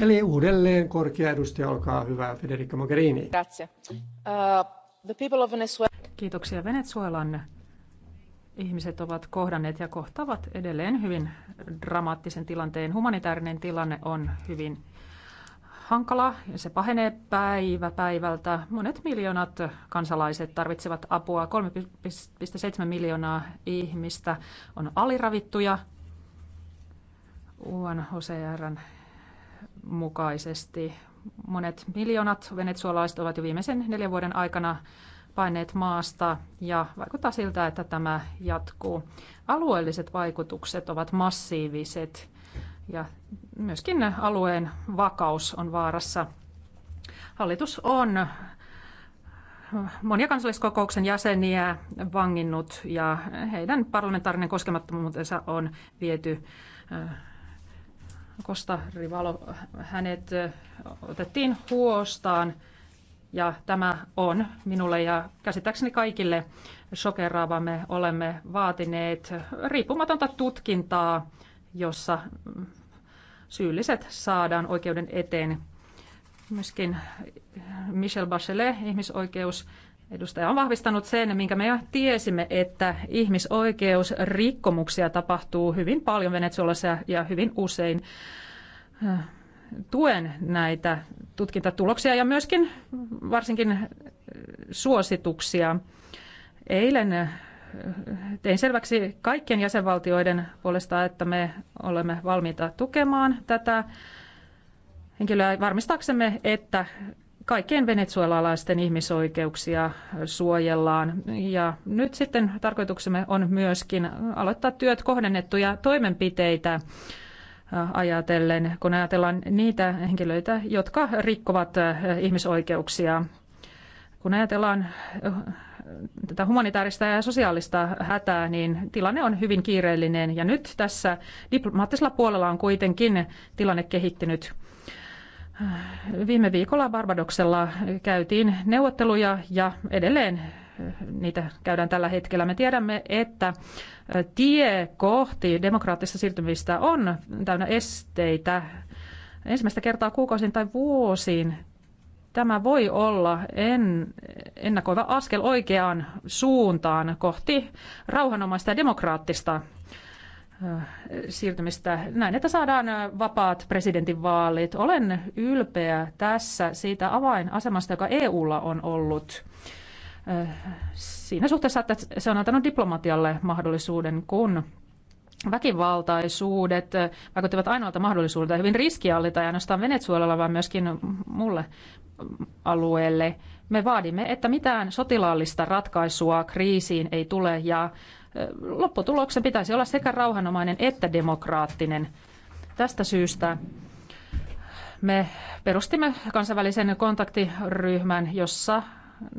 Eli uudelleen korkea edustaja, olkaa hyvä, Federica Mogherini. Grazie. Uh, Venezuela... Kiitoksia Venezuelan ihmiset ovat kohdanneet ja kohtavat edelleen hyvin dramaattisen tilanteen. Humanitaarinen tilanne on hyvin hankala ja se pahenee päivä päivältä. Monet miljoonat kansalaiset tarvitsevat apua. 3,7 miljoonaa ihmistä on aliravittuja UNHCRn mukaisesti. Monet miljoonat venezuelalaiset ovat jo viimeisen neljän vuoden aikana paineet maasta ja vaikuttaa siltä, että tämä jatkuu. Alueelliset vaikutukset ovat massiiviset ja myöskin alueen vakaus on vaarassa. Hallitus on monia kansalliskokouksen jäseniä vanginnut ja heidän parlamentaarinen koskemattomuutensa on viety äh, Kosta Rivalo, hänet äh, otettiin huostaan ja tämä on minulle ja käsittääkseni kaikille shokeraava. Me olemme vaatineet riippumatonta tutkintaa jossa syylliset saadaan oikeuden eteen. Myöskin Michel Bachelet, ihmisoikeus, Edustaja on vahvistanut sen, minkä me jo tiesimme, että ihmisoikeusrikkomuksia tapahtuu hyvin paljon Venezuelassa ja hyvin usein. Äh, tuen näitä tutkintatuloksia ja myöskin varsinkin äh, suosituksia. Eilen äh, tein selväksi kaikkien jäsenvaltioiden puolesta, että me olemme valmiita tukemaan tätä henkilöä varmistaaksemme, että kaikkien venezuelalaisten ihmisoikeuksia suojellaan. Ja nyt sitten tarkoituksemme on myöskin aloittaa työt kohdennettuja toimenpiteitä äh, ajatellen, kun ajatellaan niitä henkilöitä, jotka rikkovat äh, ihmisoikeuksia. Kun ajatellaan äh, tätä humanitaarista ja sosiaalista hätää, niin tilanne on hyvin kiireellinen. Ja nyt tässä diplomaattisella puolella on kuitenkin tilanne kehittynyt. Viime viikolla Barbadoksella käytiin neuvotteluja ja edelleen niitä käydään tällä hetkellä. Me tiedämme, että tie kohti demokraattista siirtymistä on täynnä esteitä. Ensimmäistä kertaa kuukausin tai vuosiin Tämä voi olla en, ennakoiva askel oikeaan suuntaan kohti rauhanomaista ja demokraattista siirtymistä näin, että saadaan vapaat presidentinvaalit. Olen ylpeä tässä siitä avainasemasta, joka EUlla on ollut. Siinä suhteessa, että se on antanut diplomatialle mahdollisuuden, kun väkivaltaisuudet vaikuttivat ainoalta mahdollisuudelta hyvin riskiallita ja ainoastaan Venezuelalla, vaan myöskin mulle alueelle. Me vaadimme, että mitään sotilaallista ratkaisua kriisiin ei tule ja lopputuloksen pitäisi olla sekä rauhanomainen että demokraattinen. Tästä syystä me perustimme kansainvälisen kontaktiryhmän, jossa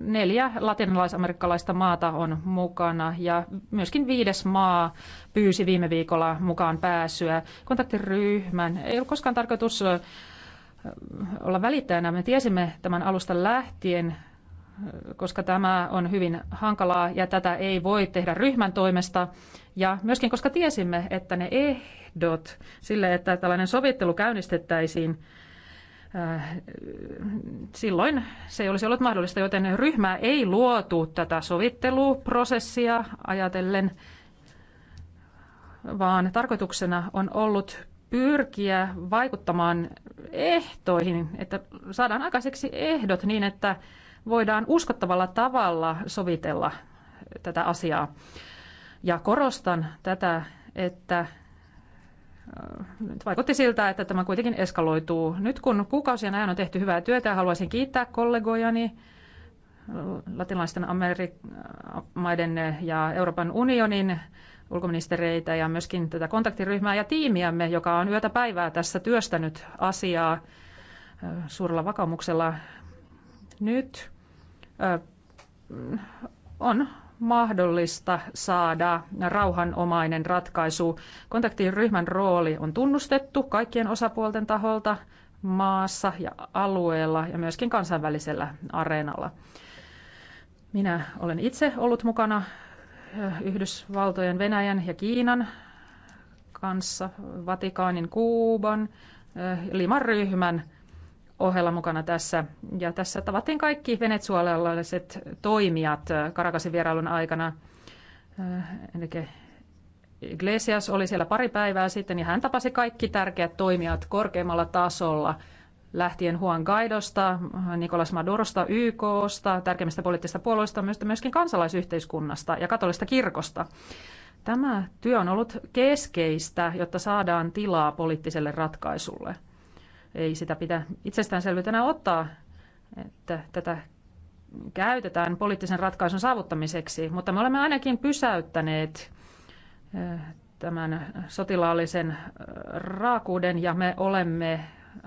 neljä latinalaisamerikkalaista maata on mukana ja myöskin viides maa pyysi viime viikolla mukaan pääsyä. Kontaktiryhmän ei ole koskaan tarkoitus olla välittäjänä. Me tiesimme tämän alusta lähtien, koska tämä on hyvin hankalaa ja tätä ei voi tehdä ryhmän toimesta. Ja myöskin koska tiesimme, että ne ehdot sille, että tällainen sovittelu käynnistettäisiin, äh, silloin se ei olisi ollut mahdollista, joten ryhmää ei luotu tätä sovitteluprosessia ajatellen, vaan tarkoituksena on ollut pyrkiä vaikuttamaan ehtoihin, että saadaan aikaiseksi ehdot niin, että voidaan uskottavalla tavalla sovitella tätä asiaa. Ja korostan tätä, että äh, nyt vaikutti siltä, että tämä kuitenkin eskaloituu. Nyt kun kuukausien ajan on tehty hyvää työtä, haluaisin kiittää kollegojani, äh, latinalaisten Amerik- äh, maiden ja Euroopan unionin ulkoministereitä ja myöskin tätä kontaktiryhmää ja tiimiämme, joka on yötä päivää tässä työstänyt asiaa suurella vakaumuksella. Nyt on mahdollista saada rauhanomainen ratkaisu. Kontaktiryhmän rooli on tunnustettu kaikkien osapuolten taholta maassa ja alueella ja myöskin kansainvälisellä areenalla. Minä olen itse ollut mukana Yhdysvaltojen, Venäjän ja Kiinan kanssa, Vatikaanin, Kuuban, eh, Liman ohella mukana tässä. Ja tässä tavattiin kaikki venezuelalaiset toimijat Karakasin eh, vierailun aikana. Eli eh, Iglesias oli siellä pari päivää sitten ja hän tapasi kaikki tärkeät toimijat korkeammalla tasolla – lähtien Juan Guaidosta, Nicolas Madurosta, YKsta, tärkeimmistä poliittisista puolueista, myöskin kansalaisyhteiskunnasta ja katolista kirkosta. Tämä työ on ollut keskeistä, jotta saadaan tilaa poliittiselle ratkaisulle. Ei sitä pidä itsestäänselvyytenä ottaa, että tätä käytetään poliittisen ratkaisun saavuttamiseksi, mutta me olemme ainakin pysäyttäneet eh, tämän sotilaallisen eh, raakuuden ja me olemme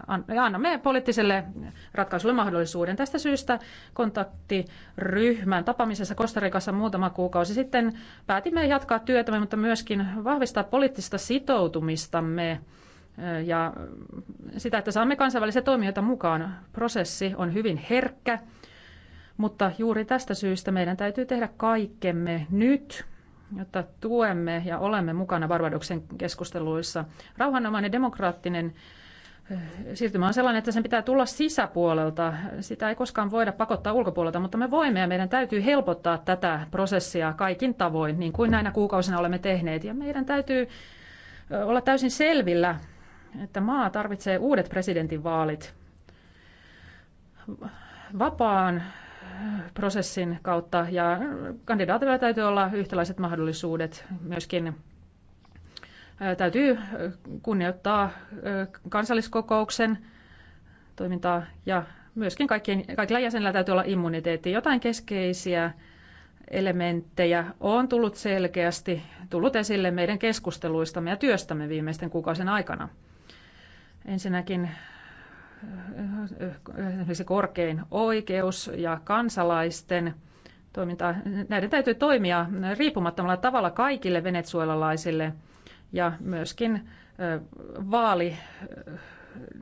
annamme poliittiselle ratkaisulle mahdollisuuden. Tästä syystä kontaktiryhmän tapaamisessa Kostarikassa muutama kuukausi sitten päätimme jatkaa työtämme, mutta myöskin vahvistaa poliittista sitoutumistamme ja sitä, että saamme kansainvälisiä toimijoita mukaan. Prosessi on hyvin herkkä, mutta juuri tästä syystä meidän täytyy tehdä kaikkemme nyt, jotta tuemme ja olemme mukana Barbadoksen keskusteluissa. Rauhanomainen demokraattinen siirtymä on sellainen, että sen pitää tulla sisäpuolelta. Sitä ei koskaan voida pakottaa ulkopuolelta, mutta me voimme ja meidän täytyy helpottaa tätä prosessia kaikin tavoin, niin kuin näinä kuukausina olemme tehneet. Ja meidän täytyy olla täysin selvillä, että maa tarvitsee uudet presidentinvaalit vapaan prosessin kautta ja kandidaatilla täytyy olla yhtäläiset mahdollisuudet myöskin täytyy kunnioittaa kansalliskokouksen toimintaa ja myöskin kaikkien, kaikilla jäsenillä täytyy olla immuniteetti. Jotain keskeisiä elementtejä on tullut selkeästi tullut esille meidän keskusteluistamme ja työstämme viimeisten kuukausien aikana. Ensinnäkin esimerkiksi korkein oikeus ja kansalaisten toiminta, näiden täytyy toimia riippumattomalla tavalla kaikille venezuelalaisille – ja myöskin vaali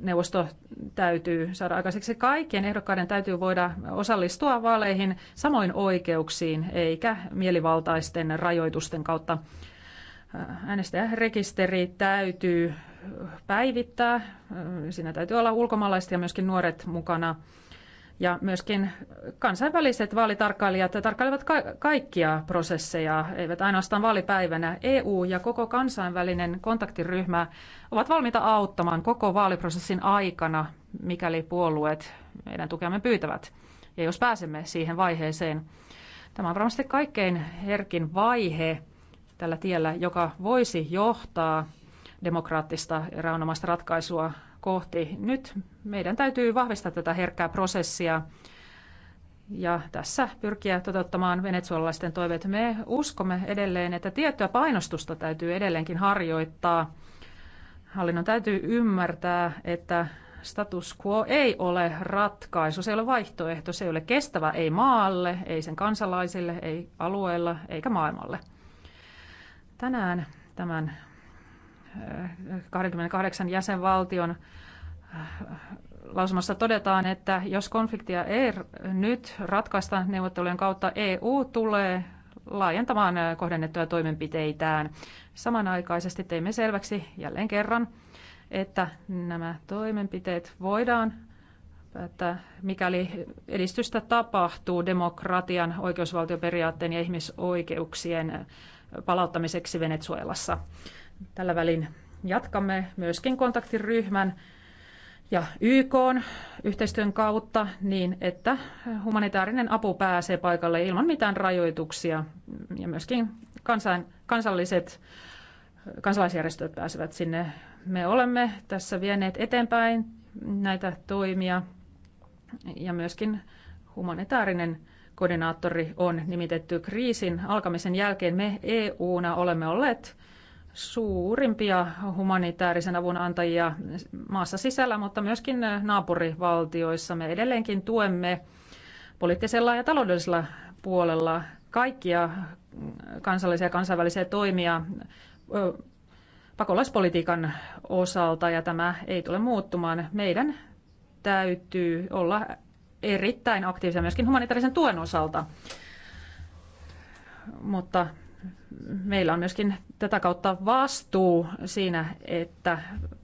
neuvosto täytyy saada aikaiseksi. Kaikkien ehdokkaiden täytyy voida osallistua vaaleihin samoin oikeuksiin, eikä mielivaltaisten rajoitusten kautta. Äänestäjärekisteri täytyy päivittää. Siinä täytyy olla ulkomaalaiset ja myöskin nuoret mukana. Ja myöskin kansainväliset vaalitarkkailijat tarkkailevat ka- kaikkia prosesseja, eivät ainoastaan vaalipäivänä. EU ja koko kansainvälinen kontaktiryhmä ovat valmiita auttamaan koko vaaliprosessin aikana, mikäli puolueet meidän tukeamme pyytävät. Ja jos pääsemme siihen vaiheeseen, tämä on varmasti kaikkein herkin vaihe tällä tiellä, joka voisi johtaa demokraattista rauhanomaista ratkaisua kohti. Nyt meidän täytyy vahvistaa tätä herkkää prosessia ja tässä pyrkiä toteuttamaan venezuelalaisten toiveet. Me uskomme edelleen, että tiettyä painostusta täytyy edelleenkin harjoittaa. Hallinnon täytyy ymmärtää, että status quo ei ole ratkaisu, se ei ole vaihtoehto, se ei ole kestävä ei maalle, ei sen kansalaisille, ei alueella eikä maailmalle. Tänään tämän 28 jäsenvaltion äh, lausumassa todetaan, että jos konfliktia ei nyt ratkaista neuvottelujen kautta, EU tulee laajentamaan äh, kohdennettuja toimenpiteitään. Samanaikaisesti teimme selväksi jälleen kerran, että nämä toimenpiteet voidaan että mikäli edistystä tapahtuu demokratian, oikeusvaltioperiaatteen ja ihmisoikeuksien äh, palauttamiseksi Venezuelassa. Tällä välin jatkamme myöskin kontaktiryhmän ja YK yhteistyön kautta niin, että humanitaarinen apu pääsee paikalle ilman mitään rajoituksia ja myöskin kansain, kansalliset kansalaisjärjestöt pääsevät sinne. Me olemme tässä vieneet eteenpäin näitä toimia ja myöskin humanitaarinen koordinaattori on nimitetty kriisin alkamisen jälkeen. Me EUna olemme olleet suurimpia humanitaarisen avun antajia maassa sisällä, mutta myöskin naapurivaltioissa. Me edelleenkin tuemme poliittisella ja taloudellisella puolella kaikkia kansallisia ja kansainvälisiä toimia pakolaispolitiikan osalta, ja tämä ei tule muuttumaan. Meidän täytyy olla erittäin aktiivisia myöskin humanitaarisen tuen osalta. Mutta meillä on myöskin tätä kautta vastuu siinä, että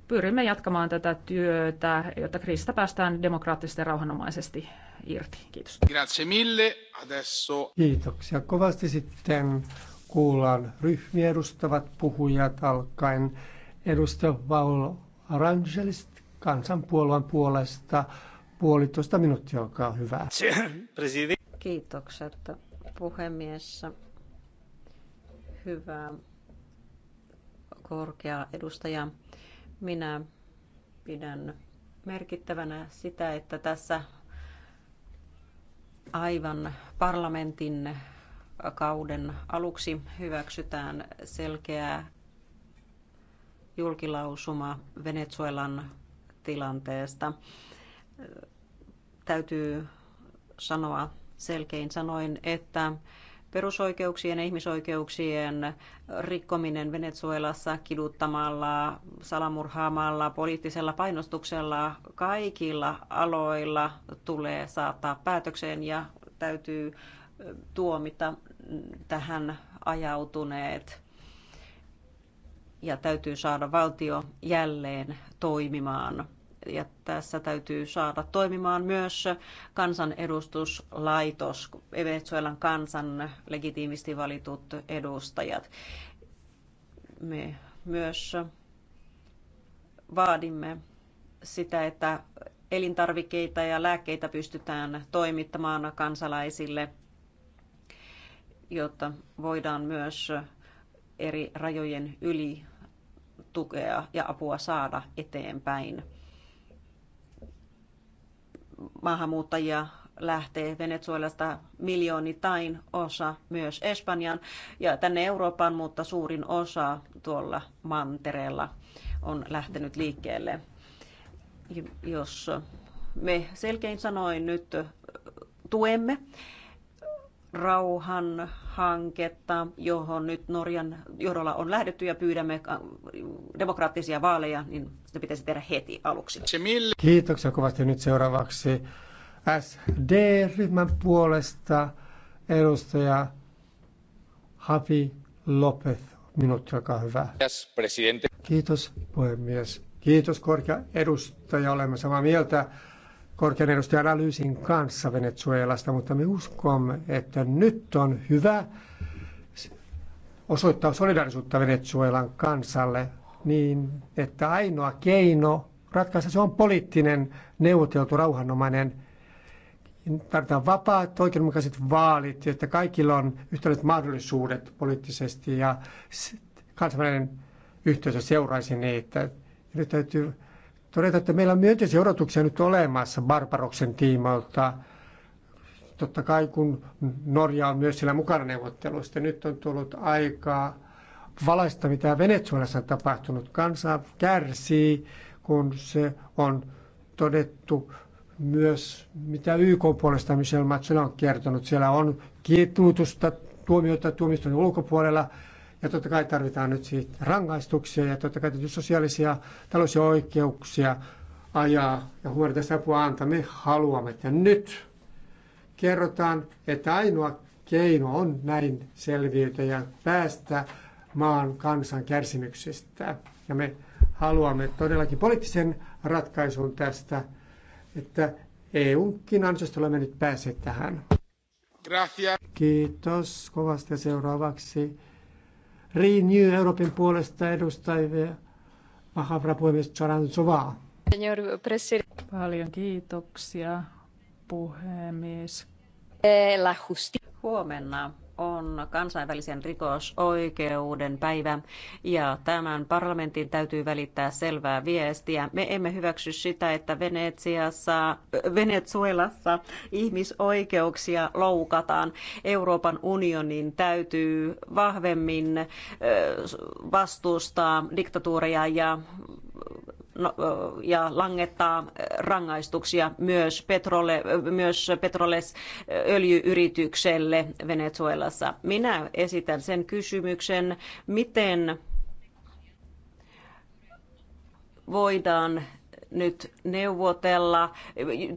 pyrimme jatkamaan tätä työtä, jotta kriisistä päästään demokraattisesti ja rauhanomaisesti irti. Kiitos. Grazie mille. Adesso... Kiitoksia kovasti sitten kuullaan ryhmiä edustavat puhujat alkaen. Edustaja Paul Arangelist kansanpuolueen puolesta puolitoista minuuttia, olkaa hyvä. Kiitokset puhemies hyvä korkea edustaja. Minä pidän merkittävänä sitä, että tässä aivan parlamentin kauden aluksi hyväksytään selkeä julkilausuma Venezuelan tilanteesta. Täytyy sanoa selkein sanoin, että Perusoikeuksien ja ihmisoikeuksien rikkominen Venezuelassa kiduttamalla, salamurhaamalla, poliittisella painostuksella kaikilla aloilla tulee saattaa päätökseen ja täytyy tuomita tähän ajautuneet ja täytyy saada valtio jälleen toimimaan ja tässä täytyy saada toimimaan myös kansanedustuslaitos, Venezuelan kansan legitiimisti valitut edustajat. Me myös vaadimme sitä, että elintarvikkeita ja lääkkeitä pystytään toimittamaan kansalaisille, jotta voidaan myös eri rajojen yli tukea ja apua saada eteenpäin maahanmuuttajia lähtee Venezuelasta miljoonitain osa myös Espanjan ja tänne Euroopan mutta suurin osa tuolla mantereella on lähtenyt liikkeelle. Jos me selkein sanoin nyt tuemme rauhan hanketta, johon nyt Norjan johdolla on lähdetty ja pyydämme äh, demokraattisia vaaleja, niin se pitäisi tehdä heti aluksi. Kiitoksia kovasti nyt seuraavaksi SD-ryhmän puolesta edustaja Havi Lopez. Minut, olkaa hyvä. Kiitos puhemies. Kiitos korkea edustaja, olemme samaa mieltä korkean edustajan analyysin kanssa Venezuelasta, mutta me uskomme, että nyt on hyvä osoittaa solidaarisuutta Venezuelan kansalle niin, että ainoa keino ratkaista se on poliittinen, neuvoteltu, rauhanomainen tarvitaan vapaat, oikeudenmukaiset vaalit, että kaikilla on yhtäläiset mahdollisuudet poliittisesti ja kansainvälinen yhteisö seuraisi niitä. Ja nyt täytyy todeta, että meillä on myönteisiä odotuksia nyt olemassa Barbaroksen tiimoilta. Totta kai kun Norja on myös siellä mukana neuvotteluista, nyt on tullut aikaa valaista, mitä Venezuelassa on tapahtunut. Kansa kärsii, kun se on todettu myös, mitä YK puolesta Michel Matsula on kertonut. Siellä on kiituutusta tuomioita tuomistojen ulkopuolella, ja totta kai tarvitaan nyt siitä rangaistuksia ja totta kai täytyy sosiaalisia taloudellisia oikeuksia ajaa ja humanitaarista apua antaa. Me haluamme, että nyt kerrotaan, että ainoa keino on näin selviytyä ja päästä maan kansan kärsimyksistä. Ja me haluamme todellakin poliittisen ratkaisun tästä, että EUnkin ansiosta olemme nyt päässeet tähän. Gracias. Kiitos kovasti seuraavaksi Renew Euroopan puolesta edustajia varapuhemies Sovaa. Paljon kiitoksia, puhemies. Eh, Huomenna on kansainvälisen rikosoikeuden päivä ja tämän parlamentin täytyy välittää selvää viestiä. Me emme hyväksy sitä, että Venetsiassa, Venezuelassa ihmisoikeuksia loukataan. Euroopan unionin täytyy vahvemmin vastustaa diktatuuria ja No, ja langettaa rangaistuksia myös, petrole, myös petroles öljyyritykselle Venezuelassa. Minä esitän sen kysymyksen, miten voidaan nyt neuvotella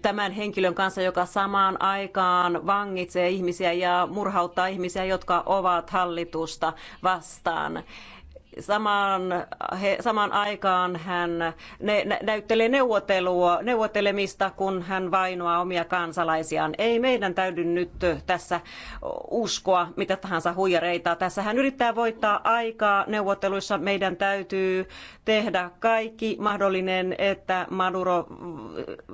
tämän henkilön kanssa, joka samaan aikaan vangitsee ihmisiä ja murhauttaa ihmisiä, jotka ovat hallitusta vastaan. Samaan, he, samaan aikaan hän ne, nä, näyttelee neuvotelua, neuvottelemista, kun hän vainoaa omia kansalaisiaan. Ei meidän täydy nyt tässä uskoa mitä tahansa huijareita. Tässä hän yrittää voittaa aikaa neuvotteluissa. Meidän täytyy tehdä kaikki mahdollinen, että Maduro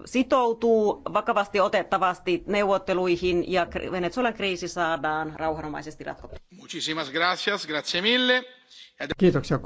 sitoutuu vakavasti otettavasti neuvotteluihin ja Venezuelan kriisi saadaan rauhanomaisesti ratkottua. Muchísimas gracias, gracias mille. Kiitoksia